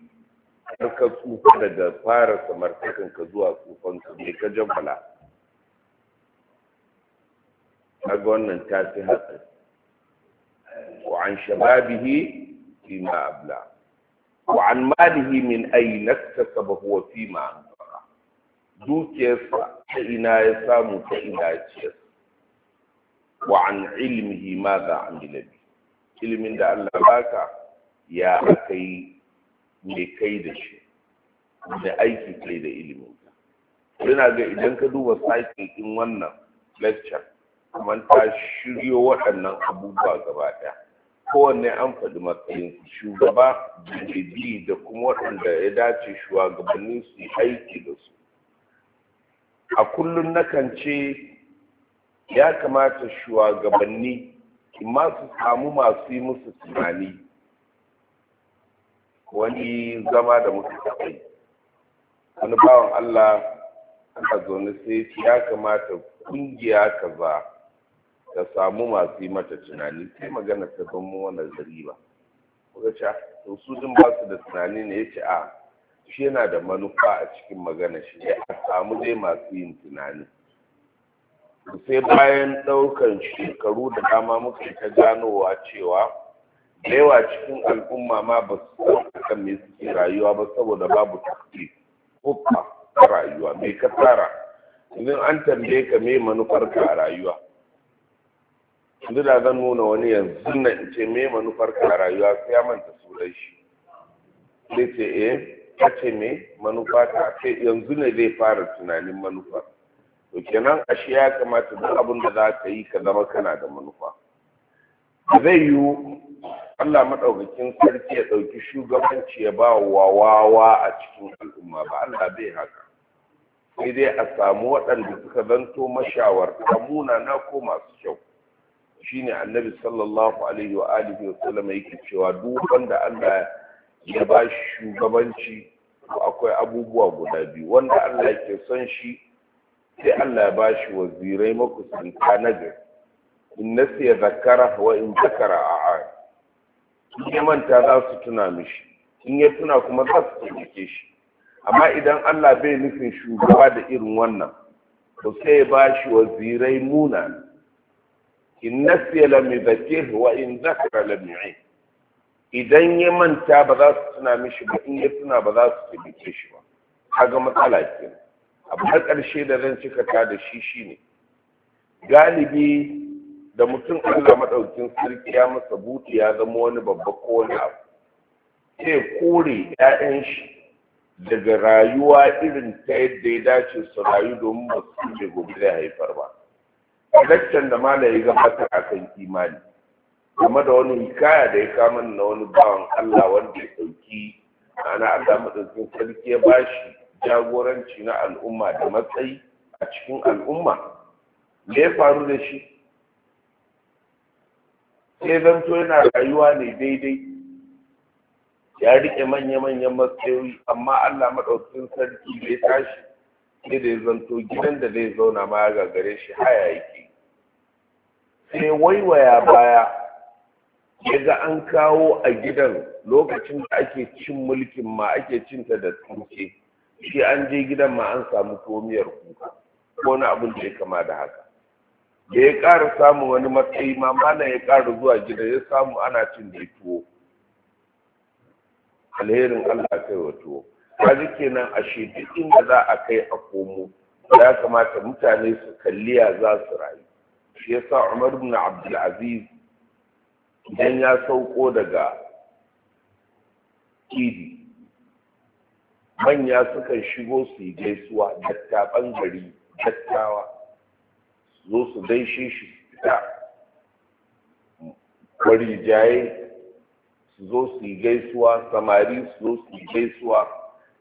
har tsufa daga fara samartakanka zuwa tsufanka mai ka jambala kaga wannan ta fi hatsari wa an shababihi fi ma abla wa an malihi min aina kasaba huwa fi ma dukiyarsa ta ina ya samu ta ina ya ciyar wa an ilmihi ma za a milabi ilimin da Allah baka ya aka yi mai kai da shi da aiki kai da ilimin yana ga idan ka duba sakin in wannan lecture kamar ta shiryo waɗannan abubuwa gaba ɗaya kowanne an faɗi matsayin shugaba da da kuma waɗanda ya dace shugabanni su aiki da su a kullum nakan ce ya kamata shugabanni ma su samu masu yi musu tunani wani zama da muka taɓai wani bawan Allah ana zaune sai ya kamata kungiya za ta samu masu yi mata tunani sai magana ta zama wani zari ba kuka ce ah, to su din ba su da tunani ne ya ce a ah, shi yana da manufa a cikin magana shi ne a samu dai masu yin tunani sai bayan ɗaukan shekaru da dama muka ta ganowa cewa da yawa cikin al'umma ma ba su kan me suke rayuwa ba saboda babu tafi kuka ta rayuwa mai ka tsara idan an tambaye ka me manufarka a rayuwa yanzu da zan nuna wani yanzu na in ce me manufarka a rayuwa sai ya manta sunan shi sai ce eh ta ce me manufa ta ce yanzu ne zai fara tunanin manufa to kenan ashe ya kamata duk abin da za ka yi ka zama kana da manufa zai yiwu Allah madaukakin sarki ya ɗauki shugabanci ya ba wa wawa a cikin al'umma ba Allah bai haka sai dai a samu waɗanda suka zanto mashawarta na ko masu kyau shine annabi sallallahu alaihi wa alihi wa sallam yake cewa duk wanda Allah ya ba shi shugabanci akwai abubuwa guda biyu wanda Allah ke son shi sai Allah ya ba shi wazirai makusanta na gari in siya zakara wa in zakara a a in ya manta za su tuna mishi in ya tuna kuma za su taimake shi amma idan Allah bai nufin shugaba da irin wannan to sai ya ba shi wazirai muna in na siya yudhakkirhu wa in zakara lam idan ya manta ba za su tuna mishi ba in ya tuna ba za su taimake shi ba kaga matsala ke abu har ƙarshe da zan cika ta da shi shine galibi da mutum Allah maɗaukin sarki ya masa buti ya zama wani babba ko wani abu sai kore 'ya'yan shi daga rayuwa irin ta yadda ya dace su rayu domin ba su gobe zai haifar ba. Lakcan da malaye ya gabatar a kan imani. game da wani hikaya da ya kama na wani bawan Allah wanda ya ɗauki ana Allah madaukin sarki ya bashi jagoranci na al'umma da matsayi a cikin al'umma me ya faru da shi sai zanto yana rayuwa ne daidai ya riƙe manya-manyan matsayoyi amma Allah madaukin sarki bai tashi sai da ya zanto gidan da zai zauna ma ya gagare shi haya yake sai waiwaya baya Ya ga an kawo a gidan lokacin da ake cin mulkin ma ake cinta da tsinke shi an je gidan ma an samu komiyar kuka ko na abin da ya kama da haka da ya ƙara samu wani matsayi ma mana ya ƙara zuwa gida ya samu ana cin da tuwo alherin Allah kai wa tuwo ji kenan a shi inda za a kai a komo ya kamata mutane su kalliya za su rayu shi yasa Umar ibn Abdulaziz. idan ya sauko daga kidi manya sukan shigo su yi gaisuwa dattaban gari dattawa zo su gaishe shi fita jaye su zo su yi gaisuwa samari su zo su yi gaisuwa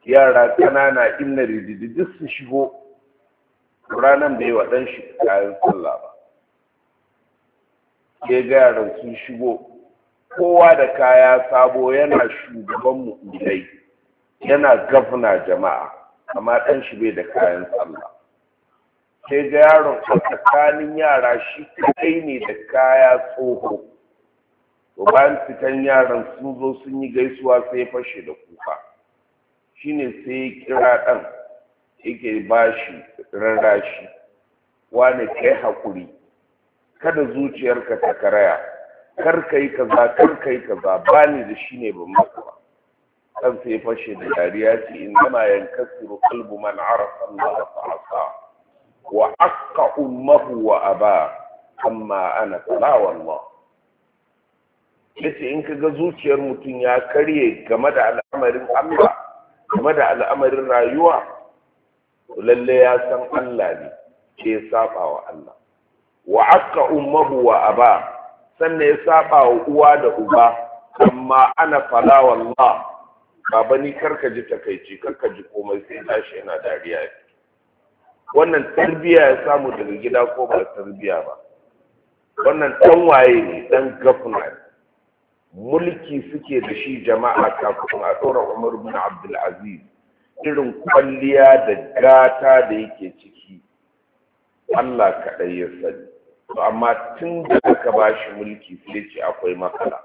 yara kanana inna rididi duk su shigo ranar da yi wa shi kayan sallah ba ya ga yaran sun shigo kowa da kaya sabo yana shugaban mu'minai yana gafna jama'a amma ɗan shi bai da kayan sallah sai ga yaron a tsakanin yara shi kaɗai ne da kaya tsoho to bayan fitan yaran sun zo sun yi gaisuwa sai fashe da kuka shine sai ya kira ɗan yake ba shi rarrashi wane kai haƙuri kada zuciyarka ta karaya kar kai kaza kar kai kaza bani da shi ne ban maka ba kan sai fashe da dariya ce in yan kasiru kalbu man arafa Allah ta'ala wa aqqa ummuhu wa aba amma ana fala wallah yace in kaga zuciyar mutum ya karye game da al'amarin Allah game da al'amarin rayuwa lalle ya san Allah ne ke saba wa Allah wa akka ummahu wa aba sannan ya saba wa uwa da uba amma ana fala wallah baba ni karka ji takaici karka ji komai sai tashi yana dariya wannan tarbiya ya samu daga gida ko ba tarbiya ba wannan dan waye ne dan gafna mulki suke da shi jama'a kafin a tsora umar bin abdulaziz irin kwalliya da gata da yake ciki allah kaɗai ya sani to amma tun da aka ba shi mulki sai ce akwai matsala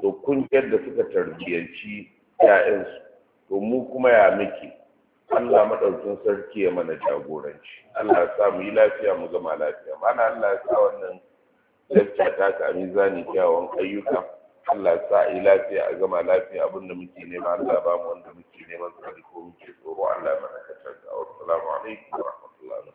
to kun da suka tarbiyyanci ‘ya'yansu to mu kuma ya muke Allah maɗaukin sarki ya mana jagoranci Allah ya sa mu yi lafiya mu zama lafiya mana Allah ya sa wannan lafiya ta ka mizani kyawun ayyuka Allah ya sa yi lafiya a gama lafiya abin da muke nema Allah ba mu wanda muke neman tsari ko muke tsoro Allah ya mana kacar da wasu alaikum wa rahmatullahi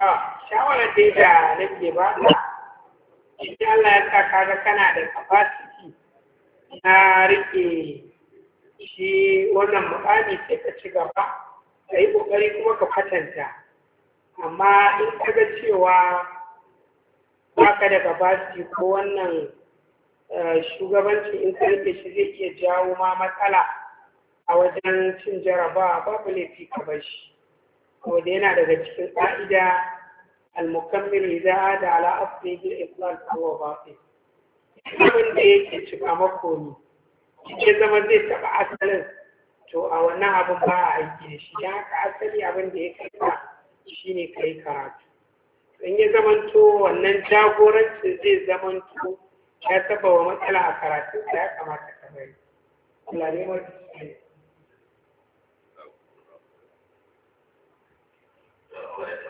a shawarar dai da nake ba idan Allah ya sa kaga kana da capacity na rike shi wannan mukami sai ka ci gaba ka yi kokari kuma ka kwatanta. amma in ka ga cewa ka da capacity ko wannan eh, shugabanci in ka rike shi zai iya jawo ma matsala a wajen cin jarabawa babu laifi ka bar shi wanda yana daga cikin ƙa'ida al-mukammil idza da ala asli bil islam huwa batil abin da yake cika makoni ne ya zama zai taɓa asalin to a wannan abin ba a aiki da shi ya ka asali abin da ya kai ka shine kai karatu in ya to wannan jagorancin zai to ya taɓa wa matsala a karatu ya kamata ka bari. Allah ne whatever.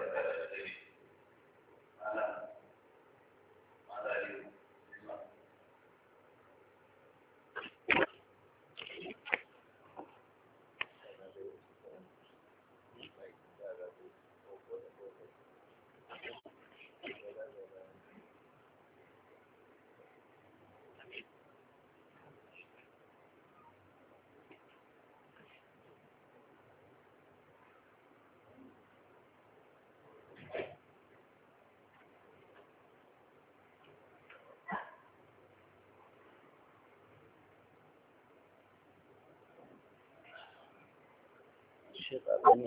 بسم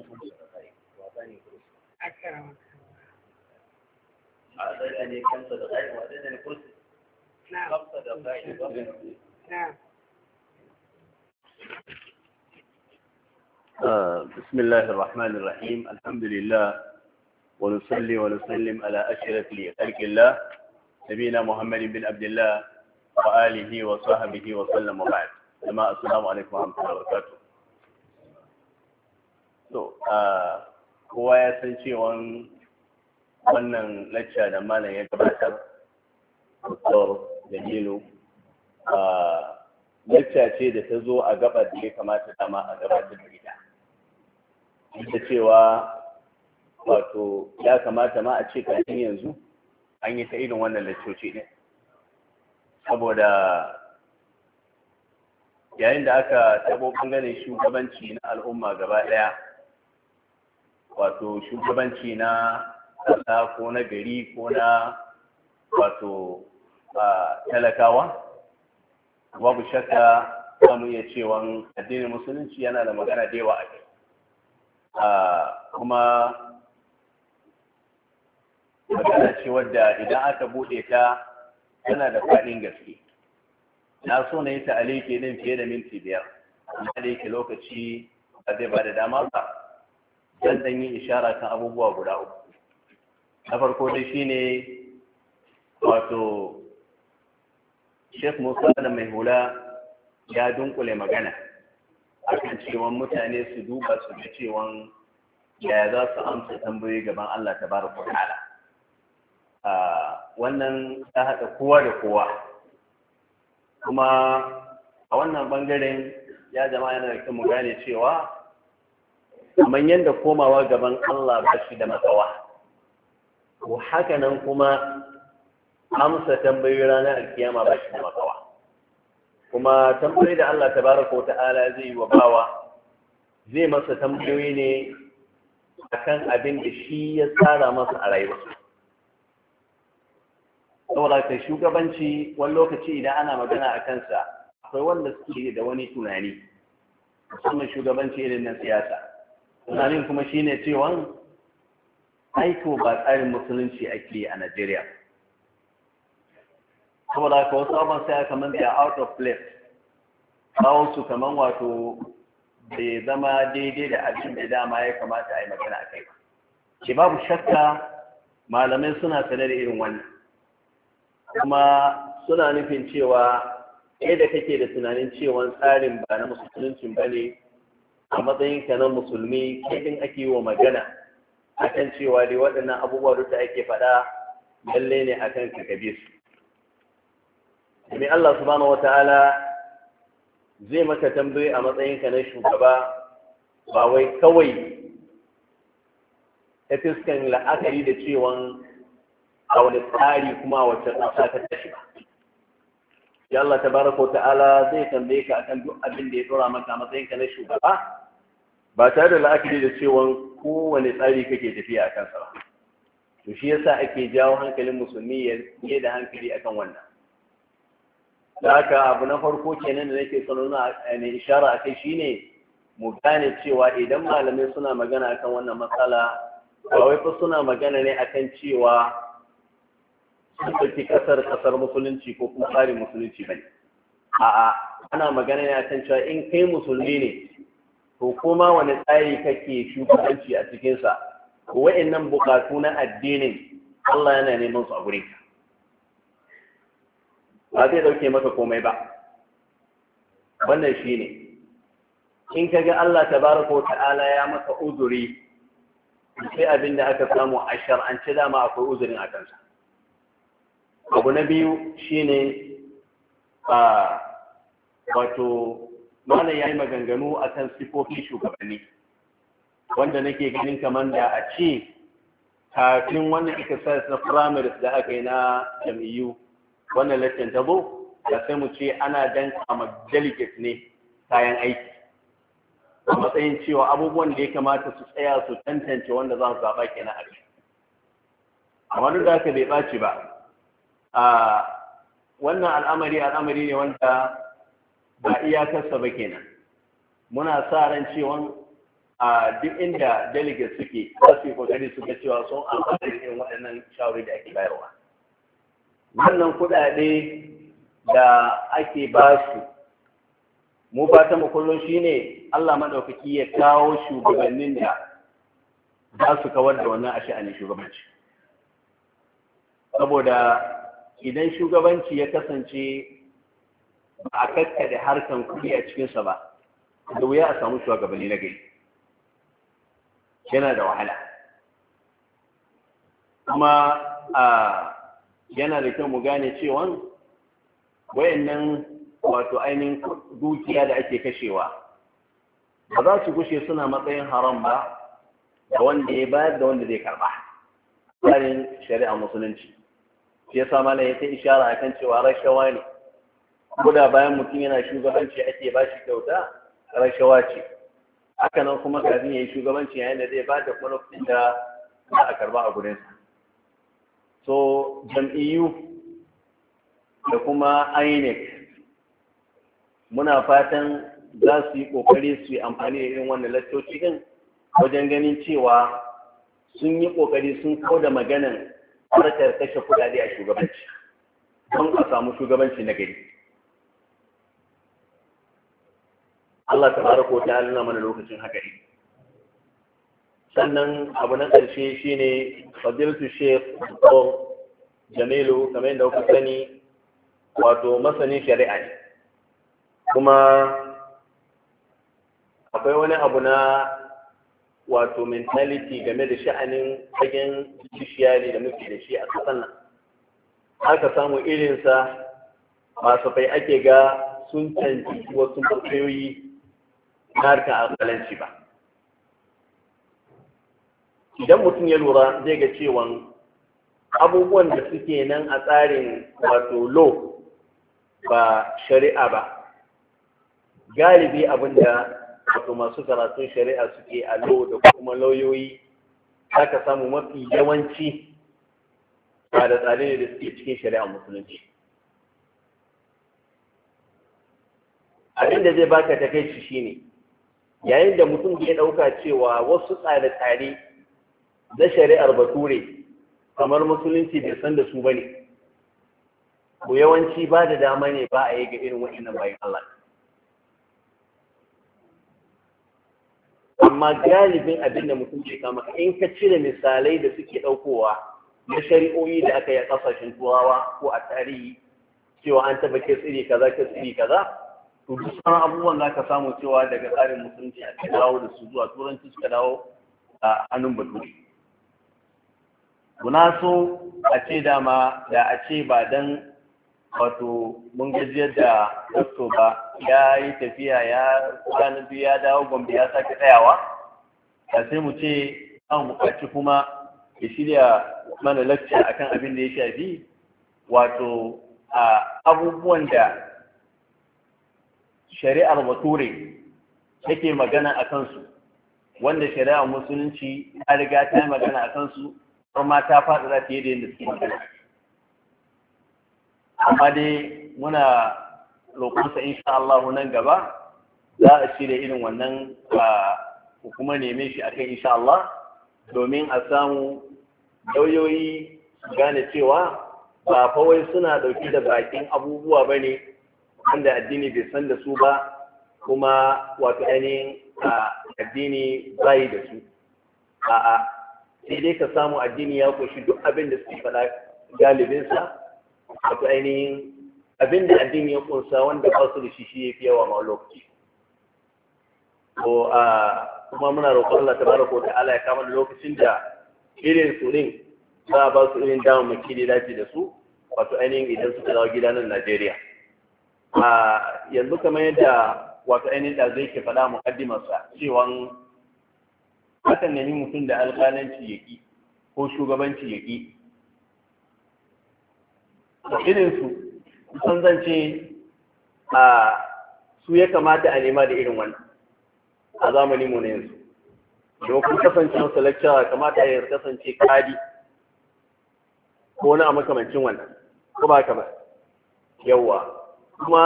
الله الرحمن الرحيم الحمد لله ونصلي ونسلم على أشرف خلق الله نبينا محمد بن عبد الله وآله وصحبه وسلم وبعد السلام عليكم ورحمة الله وبركاته to uh, kowa ya san cewa wannan lacca da malam ya gabatar dr jamilu uh, lacca ce da ta zo a gabar da ya kamata dama a gabatar da ita ita cewa wato ya kamata ma a ce kafin yanzu an yi ta irin wannan laccoci ne saboda yayin da aka tabo ganin shugabanci na al'umma gaba ɗaya wato shugabanci na kasa, ko na gari ko na wato talakawa babu shakka zamu iya cewa addinin musulunci yana da magana da yawa a kuma magana ce wadda idan aka bude ta tana da faɗin gaske na so na yi ta nan din fiye da minti biyar amma da lokaci ba zai ba da dama ba zan ɗan yi ishara kan abubuwa guda uku na farko dai shine wato Sheikh Musa da mai hula ya dunkule magana akan cewan mutane su duba su da cewan yaya za su amsa tambayoyi gaban Allah ta baraka ta'ala wannan ta haɗa kowa da kowa kuma a wannan bangaren ya zama yana da mu gane cewa kamar yadda komawa gaban Allah ba shi da matsawa ko haka nan kuma amsa tambayoyi ranar alkiyama ba shi da matsawa kuma tambayoyi da Allah tabaraka wa ta'ala zai yi wa bawa zai masa tambayoyi ne a kan abin da shi ya tsara masa a rayuwa saboda shugabanci wani lokaci idan ana magana a kansa akwai wanda suke da wani tunani musamman shugabanci irin na siyasa tunanin kuma shi ne cewan aiko ba tsarin musulunci ake a Najeriya saboda haka wasu abin sai aka manta out of place kawon su kaman wato bai zama daidai da abin da dama ya kamata a yi magana a kai ke babu shakka malamai suna sanar da irin wannan kuma suna nufin cewa ɗaya da kake da tunanin cewa tsarin ba na musulunci ba ne a matsayin ka na musulmi kai ake yi wa magana a kan cewa dai waɗannan abubuwa da ake faɗa lalle ne kan ka kabe su domin Allah subhanahu ta'ala zai maka tambayi a matsayin ka na shugaba ba wai kawai ta fiskan la'akari da cewa a wani tsari kuma a wacce ƙasa ta tashi ba ya Allah wa ta'ala zai tambaye ka akan duk abin da ya dora maka matsayin ka na shugaba ba tare da la'akari da cewa kowane tsari kake tafiya a kansa ba to shi yasa ake jawo hankalin musulmi ya ke da hankali akan wannan da aka abu na farko kenan da nake eh, na ne ishara a kai shine mu gane cewa idan malamai suna magana akan wannan matsala ba wai fa suna magana ne akan cewa sun ɗauki ƙasar ƙasar musulunci ko kuma tsarin musulunci ba a'a ana magana ne akan cewa in kai musulmi ne to koma wani tsari kake shugabanci a cikinsa nan bukatu na addinin Allah yana neman su a wuri ka ba zai dauke maka komai ba wannan ne. in ka ga Allah ta ko ta'ala ya maka uzuri sai abin da aka samu a shar'anci dama akwai uzurin a kansa abu na biyu shine a wato malam ya yi maganganu a kan sifofin shugabanni wanda nake ganin kamar da a ce kafin wannan exercise na primaries da aka yi na jam'iyyu wannan lattin tabo zo da sai mu ce ana dan kama delegate ne kayan aiki a matsayin cewa abubuwan da ya kamata su tsaya su tantance wanda za su zaɓa ke na kai amma duk da aka bai ɓaci ba wannan al'amari al'amari ne wanda ba iyakarsa ba kenan muna sa ran cewa a duk inda delegates suke za su yi kokari su ga cewa sun amfani da irin waɗannan shawari da ake bayarwa wannan kuɗaɗe da ake ba su mu fata mu kullum shine Allah maɗaukaki ya kawo shugabannin da za su kawar da wannan a shugabanci saboda idan shugabanci ya kasance ba a kakkaɗe harkan kuɗi a cikinsa ba da wuya a samu shugabanni na gari yana da wahala kuma yana da kyau mu gane cewa wayannan wato ainihin dukiya da ake kashewa ba za su gushe suna matsayin haram ba da wanda ya bayar da wanda zai karba tsarin shari'a musulunci shi sa mana ya ta ishara kan cewa rashawa ne guda bayan mutum yana shugabanci ake ba shi kyauta rashawa ce haka nan kuma kafin ya yi shugabanci yayin da zai ba da kwalofin da za a karba a gurinsa so jam'iyyu da kuma inec muna fatan za su yi kokari su yi amfani da irin wannan lattoci din wajen ganin cewa sun yi kokari sun kau da maganan harkar kashe kudade a shugabanci don a samu shugabanci na gari Allah ta fara ko ta nuna mana lokacin haka ne sannan abu na ƙarshe ne fadilatu sheikh Dr. Jamilu kamar yadda kuka sani wato masani shari'a ne kuma akwai wani abu na wato mentality game da sha'anin fagen ne da muke da shi a ƙasar nan aka samu irinsa masu fai ake ga sun canji wasu matsayoyi na harka alƙalanci ba idan mutum ya lura zai ga cewa abubuwan da suke nan a tsarin wato lo ba shari'a ba galibi da wato masu karatun shari'a suke a lo da kuma lauyoyi aka samu mafi yawanci ba da ne da suke cikin shari'a musulunci Abin da zai baka takaici shine yayin da mutum ke ɗauka cewa wasu tsare-tsare na shari'ar bature kamar musulunci bai san da su ba ne ko yawanci ba da dama ne ba a yi ga irin wa'annan bayan Allah amma galibin abin da mutum ke kama in ka cire misalai da suke ɗaukowa na shari'o'i da aka yi a ƙasashen turawa ko a tarihi cewa an taba kai tsiri kaza kai tsiri kaza to duk sauran abubuwan za ka samu cewa daga tsarin musulunci a dawo da su zuwa turanci suka dawo a hannun batu kuna so a ce dama da a ce ba don wato mun gajiyar da dokto ba ya yi tafiya ya kwana biyu ya dawo gombe ya sake tsayawa da sai mu ce an bukaci kuma ya shirya mana lakca akan abin da ya shafi wato abubuwan da shari'ar bature take magana a kansu wanda shari'ar musulunci ta riga ta yi magana a kansu har ma ta ta fiye da yadda suke magana amma dai muna roƙonsa insha Allah nan gaba za a shirya irin wannan ku kuma neme shi akan insha Allah domin a samu lauyoyi gane cewa ba fawai suna ɗauki da bakin abubuwa bane ne wanda addini bai san da su ba kuma wato ainihin addini bayi da su a'a sai dai ka samu addini ya koshi duk abin da suke faɗa galibinsa wato ainihin abin da addini ya kunsa wanda ba su da shi shi ya fi yawa ma lokaci ko a kuma muna roƙon Allah ta baraka wata ala ya kama da lokacin da irin su ɗin za a ba su irin damar maki da dace da su wato ainihin idan suka dawo gida nan Najeriya. yanzu kamar yadda wato ainihin da zai ke faɗa muƙaddimarsa cewa na nemi mutum da alƙalanci ya ƙi ko shugabanci ya ƙi irinsu kusan zance a su ya kamata a nema da irin wannan a zamanin mu na yanzu domin kasance wasu lakcawa, kamata ya kasance kadi ko na a makamancin wannan ko ba kamar yawwa kuma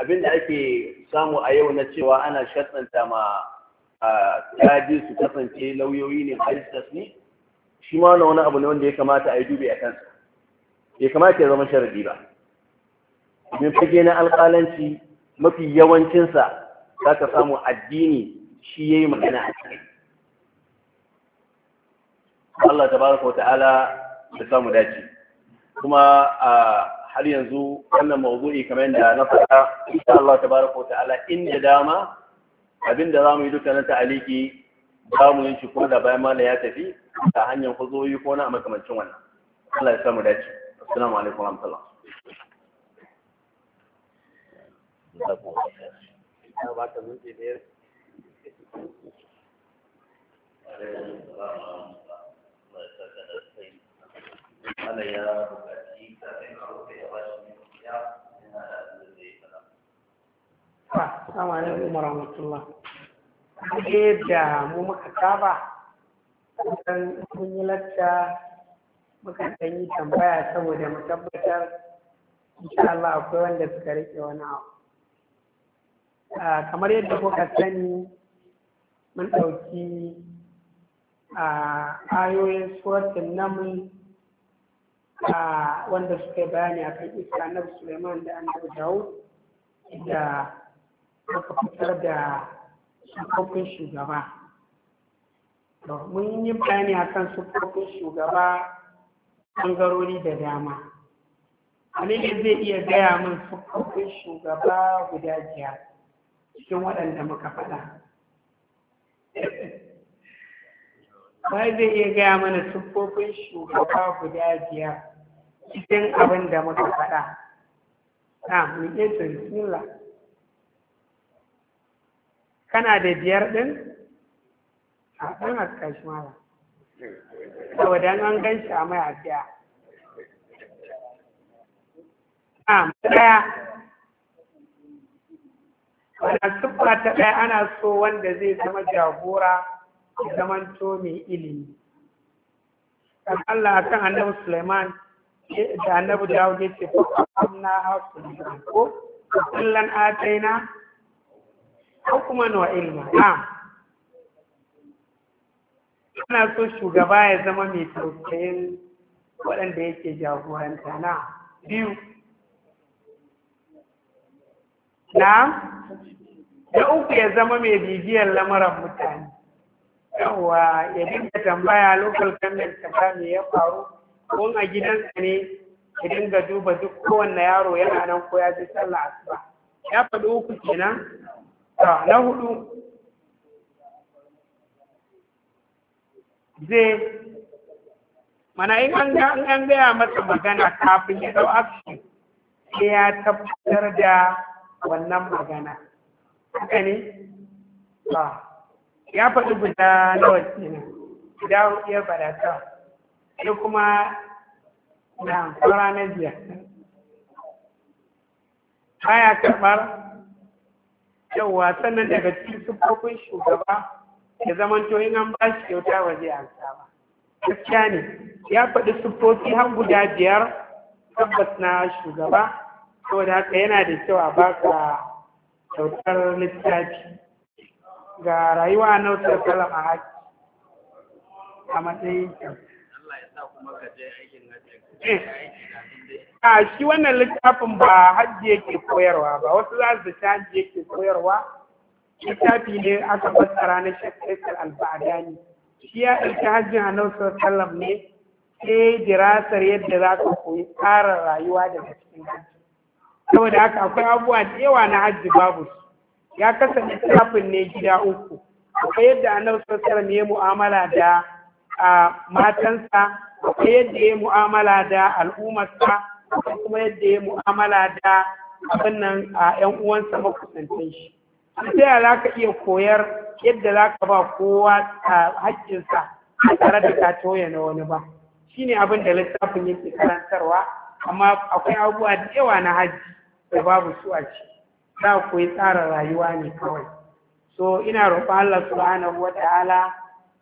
abin da ake samu a yau na cewa ana shatsanta ma kaji su kasance lauyoyi ne baristas ne shi ma wani abu ne wanda ya kamata a yi dubi a kansa ya kamata ya zama sharadi ba domin fage na alƙalanci mafi yawancinsa za ka samu addini shi ya yi magana a cikin Allah tabaraka wa ta'ala da samu dace kuma a har yanzu wannan mawdu'i kamar yadda na faɗa insha Allah tabaraka wa ta'ala inda dama abinda zamu yi duka na ta'aliki za mu yi shi da bayan mana ya tafi ta hanyar huzuri ko na makamancin wannan Allah ya samu dace assalamu alaikum wa rahmatullah ya bukaci Assalamu alaikum warahmatullah. Duk da mu muka saba, don mun yi lacca muka ɗan yi tambaya saboda mu tabbatar insha Allah akwai wanda suka rike wani abu. Kamar yadda kuka sani mun ɗauki a ayoyin suratun namun wanda suka bayani bayani akan Isa na Suleiman da annabi Dawud da aka fitar da sufofin shugaba mun yi bayani akan sufofin shugaba ɓangarori da dama Aliyu zai iya gaya min sufofin shugaba guda biyar cikin waɗanda muka faɗa. Ba zai iya gaya mana sufofin shugaba guda biyar cikin abin da muka faɗa na muke bismillah kana da biyar ɗin a ɗan haska shi mara saboda an gan shi a mai afiya a ɗaya Wanda siffa ta ɗaya ana so wanda zai zama jagora to mai ilimi kan Allah kan annabi Sulaiman da annabi dawud ya ce na hasu ko kullan ataina hukuman wa ilma na'am ana so shugaba ya zama mai tausayin waɗanda yake jagoranta na biyu na da uku ya zama mai bibiyar lamarin mutane yawa ya dinga tambaya lokal government ta ya faru ko a gidansa ne idan ga duba duk kowanne yaro yana nan ko ya je sallah asuba ya faɗi uku kenan to na hudu zai mana in an ga an gaya masa magana kafin ya dau action sai ya tabbatar da wannan magana haka ne ya faɗi guda nawa kenan guda hudu ya faɗa kawai sai kuma na na jiya baya karɓar yauwa sannan daga cikin sufofin shugaba ya zamanto an ba shi kyauta zai an saba gaskiya ne ya faɗi siffofi har guda biyar tabbas na shugaba saboda haka yana da kyau a baka kyautar littafi ga rayuwa na wutar kalam a haƙi a matsayin kyauta Eh. a shi wannan littafin ba hajji yake koyarwa ba wasu za su ta hajji yake koyarwa littafi ne aka fassara na shekarar ne. shi ya ɗauki hajjin annabi sallam ne sai dirasar yadda za ka koyi ƙarin rayuwa da cikin hajji saboda haka akwai abubuwa da yawa na hajji babu ya kasance littafin ne gida uku akwai yadda annabi sallam ya mu'amala da matansa ta yadda ya mu'amala da al'ummarsa ko kuma yadda ya mu'amala da abin nan a 'yan uwansa makusantan shi sai za ka iya koyar yadda za ka ba kowa a haƙƙinsa ba tare da ka toya na wani ba Shi ne abin da littafin yake karantarwa amma akwai abubuwa da yawa na hajji da babu su a ciki za ku yi tsara rayuwa ne kawai so ina roƙon Allah subhanahu wa ta'ala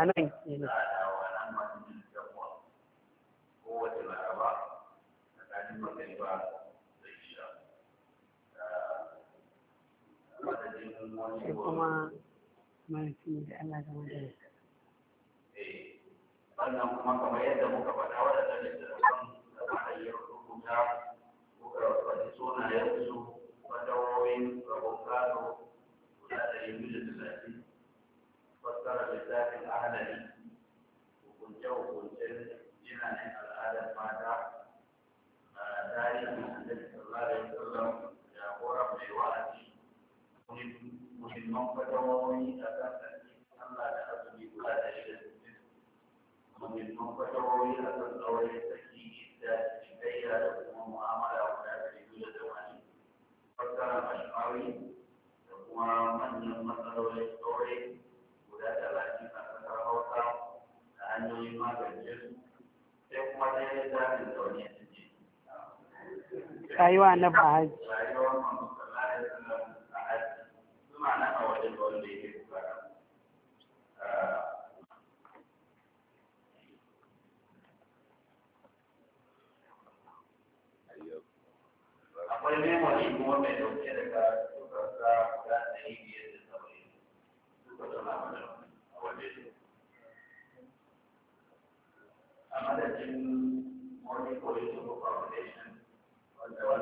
a nan kenan sai kuma mafi da Allah zama da sannan kuma kamar yadda muka faɗa waɗanda ne da kan tsamanin rubuta muka faɗi sunayen su rabon gado guda da lissafin ahalari hukunce-hukuncen jinanin al'adar mata a tarihin annabi sallallahu alaihi wasallam da horar mai wa'azi muhimman fatawoyi a kan sarki Allah da azumi guda da shi da sittin muhimman fatawoyi a kan tsawon sarki da cikayya da kuma mu'amala guda da biyu da zamani fassara mashmawi da kuma manyan matsalolin tsaurai guda talatin a kasar hausa da hanyoyin magance su sai a wajen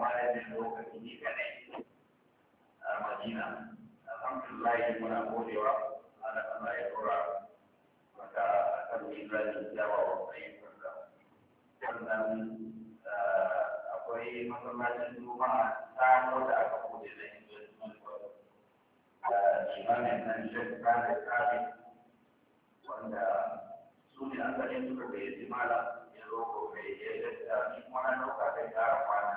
malamin lokaci ne kadai a madina alhamdulillah muna godewa ana Allah ya dora maka kan ibrahim jawa wa akwai masallacin juma'a samo da aka bude da nan kare kare wanda su ne asalin suka gayyaci malam ya zo mai yadda ni kuma na ɗauka kai ƙara kwana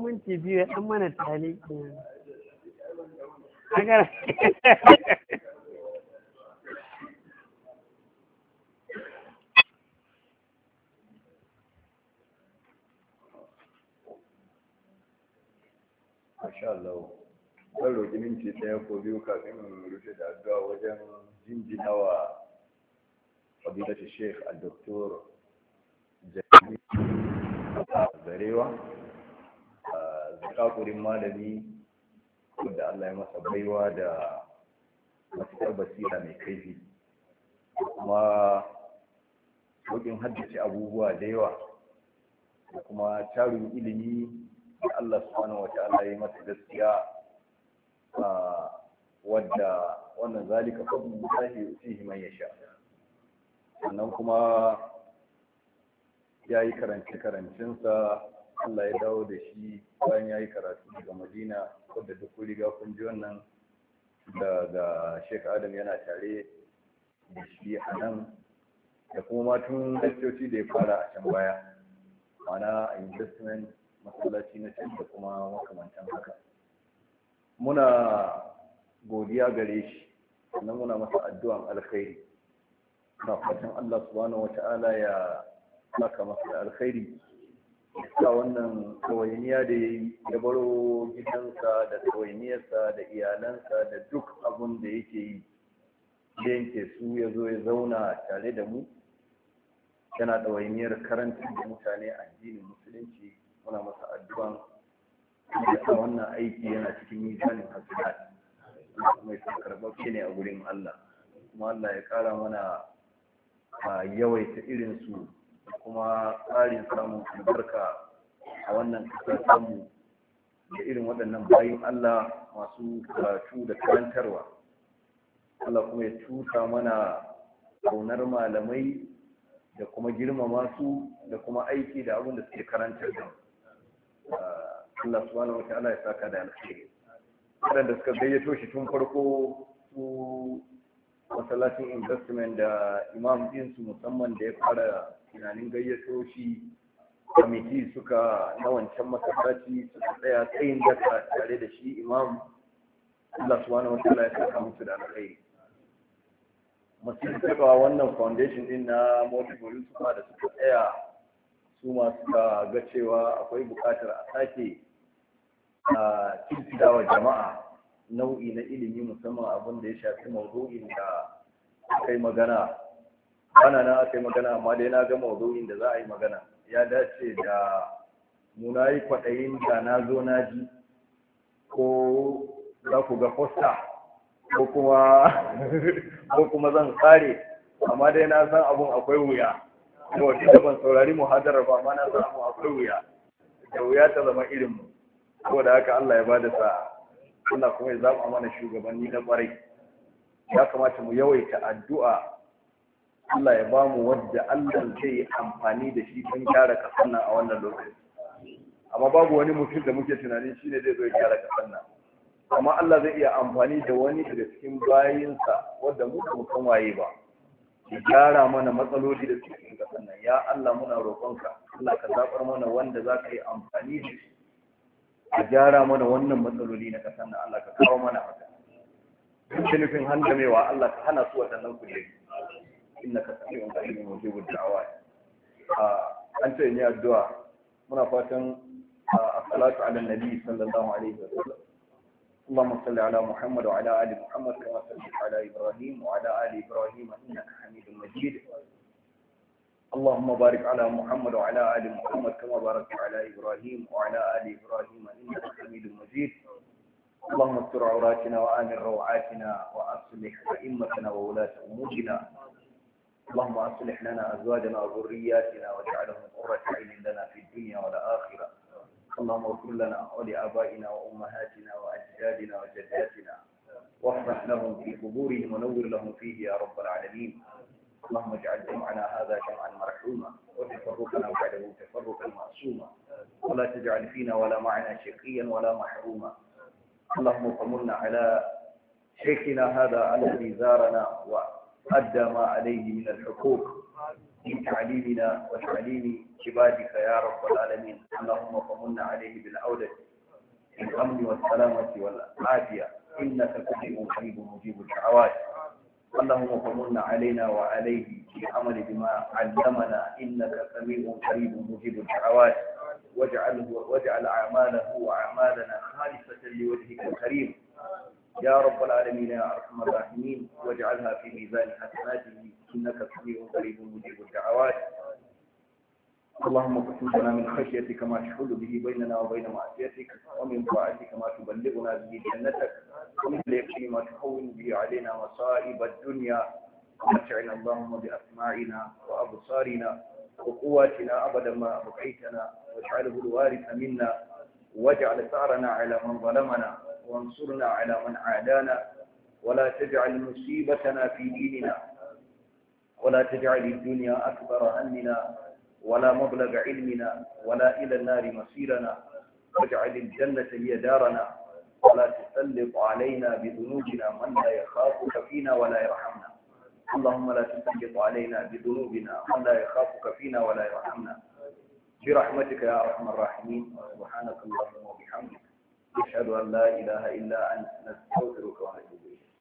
minti biyu ya ɗan mana tali Masha zan roƙi minti ɗaya ko biyu kafin rufe da addu'a wajen jinjinawa fadilatu Sheikh al-Doktor a Zarewa. kakurin malami wanda Allah ya masa baiwa da matuƙar basira mai kaifi kuma wajen haddace abubuwa da yawa da kuma tarin ilimi da Allah subhanahu wa ta'ala ya masa gaskiya wadda wannan zalika ya lahi yusihi man yasha sannan kuma ya yi karance karancinsa Allah ya dawo da shi bayan ya yi karatu daga Madina wadda duk riga kun ji wannan daga Sheikh Adam yana tare da shi a nan da kuma matun lakcoci da ya fara a can baya mana investment masallaci na can da kuma makamantan haka muna godiya gare shi sannan muna masa addu'an alkhairi na fatan Allah subhanahu wata'ala ya saka masa alkhairi ta wannan ɗawainiya da ya yi ya baro gidansa da ɗawainiyarsa da iyalansa da duk abin da yake yi yanke su ya zo ya zauna tare da mu yana ɗawainiyar karanta da mutane a addinin musulunci muna masa addu'an da wannan aiki yana cikin mizanin hasanat mai karɓaɓɓe ne a gurin Allah kuma Allah ya ƙara mana a yawaita irin su da kuma tsarin samun albarka a wannan kasar samu da irin waɗannan bayan Allah masu karatu da karantarwa Allah kuma ya tuta mana kaunar malamai da kuma girmama su da kuma aiki da abin da suke karantar da Allah subhanahu wata allah ya saka da alkhairi waɗanda suka gayyato shi tun farko su masallacin investment da imam su musamman da ya fara tunanin gayyato shi kwamiti suka na wancan masallaci suka tsaya tsayin daga tare da shi imam Allah subhanahu wa ta'ala ya saka musu da alaƙai masu wannan foundation din na multiple yusufa da suka tsaya su masu ga cewa akwai bukatar a sake a cikin jama'a nau'i na ilimi musamman abin da ya shafi mawdu'in da aka yi magana ana nan aka yi magana amma dai na ga mawdu'in da za a yi magana ya dace da muna yi kwaɗayin da na zo na ji ko za ku ga fosta ko kuma zan tsare amma dai na san abin akwai wuya to da ban saurari muhadarar ba ma na san abun akwai wuya da wuya ta zama irinmu ko da haka Allah ya bada sa'a Allah kuma ya zama mana shugabanni na ƙwarai ya kamata mu yawaita addu'a Allah ya bamu wadda Allah zai yi amfani da shi don gyara kasar nan a wannan lokaci amma babu wani mutum da muke tunani shine zai zo ya gyara kasar nan amma Allah zai iya amfani da wani daga cikin bayinsa wadda mu ba mu san waye ba ya gyara mana matsaloli da cikin kasar nan ya Allah muna roƙonka Allah ka zaɓar mana wanda za ka yi amfani da shi a gyara mana wannan matsaloli na ƙasar na Allah ka kawo mana haka duk nufin hangamewa Allah ka hana su waɗannan kuje inna ka sami wani ilimin mujibul da'awa an ce ni addu'a muna fatan as-salatu ala nabi sallallahu alaihi wa sallam اللهم صل على محمد وعلى ال محمد كما صليت على ابراهيم وعلى ال ابراهيم انك حميد مجيد اللهم بارك على محمد وعلى آل محمد كما باركت على إبراهيم وعلى آل إبراهيم إنك حميد مجيد اللهم استر عوراتنا وآمن روعاتنا وأصلح أئمتنا وولاة أمورنا اللهم أصلح لنا أزواجنا وذرياتنا واجعلهم قرة عين لنا في الدنيا والآخرة اللهم اغفر لنا ولآبائنا وأمهاتنا وأجدادنا وجداتنا وافرح لهم في قبورهم ونور لهم فيه يا رب العالمين اللهم اجعل جمعنا هذا جمعا مرحوما وتفرقنا بعده تفرقا معصوما ولا تجعل فينا ولا معنا شقيا ولا محروما اللهم فمنا على شيخنا هذا الذي زارنا وأدى ما عليه من الحقوق من تعليمنا وتعليم عبادك يا رب العالمين اللهم فمنا عليه بالعودة بالأمن والسلامة والعافية إنك تحب قريب مجيب الدعوات اللهم فمن علينا وعليه في عمل بما علمنا إنك سميع قريب مجيب الدعوات واجعل واجعل أعماله وأعمالنا خالصة لوجهك الكريم يا رب العالمين يا أرحم الراحمين واجعلها في ميزان حسناته إنك سميع قريب مجيب الدعوات اللهم اقسم من خشيتك ما تحول به بيننا وبين معصيتك ومن طاعتك ما تبلغنا به جنتك ومن اليقين ما تهون به علينا مصائب الدنيا ومتعنا اللهم باسماعنا وابصارنا وقواتنا ابدا ما ابقيتنا واجعله الوارث منا واجعل ثارنا على من ظلمنا وانصرنا على من عادانا ولا تجعل مصيبتنا في ديننا ولا تجعل الدنيا اكبر همنا ولا مبلغ علمنا ولا إلى النار مصيرنا واجعل الجنة هي دارنا ولا تسلط علينا بذنوبنا من لا يخافك فينا ولا يرحمنا اللهم لا تسلط علينا بذنوبنا من لا يخافك فينا ولا يرحمنا برحمتك يا أرحم الراحمين سبحانك اللهم وبحمدك أشهد أن لا إله إلا أنت نستغفرك ونتوب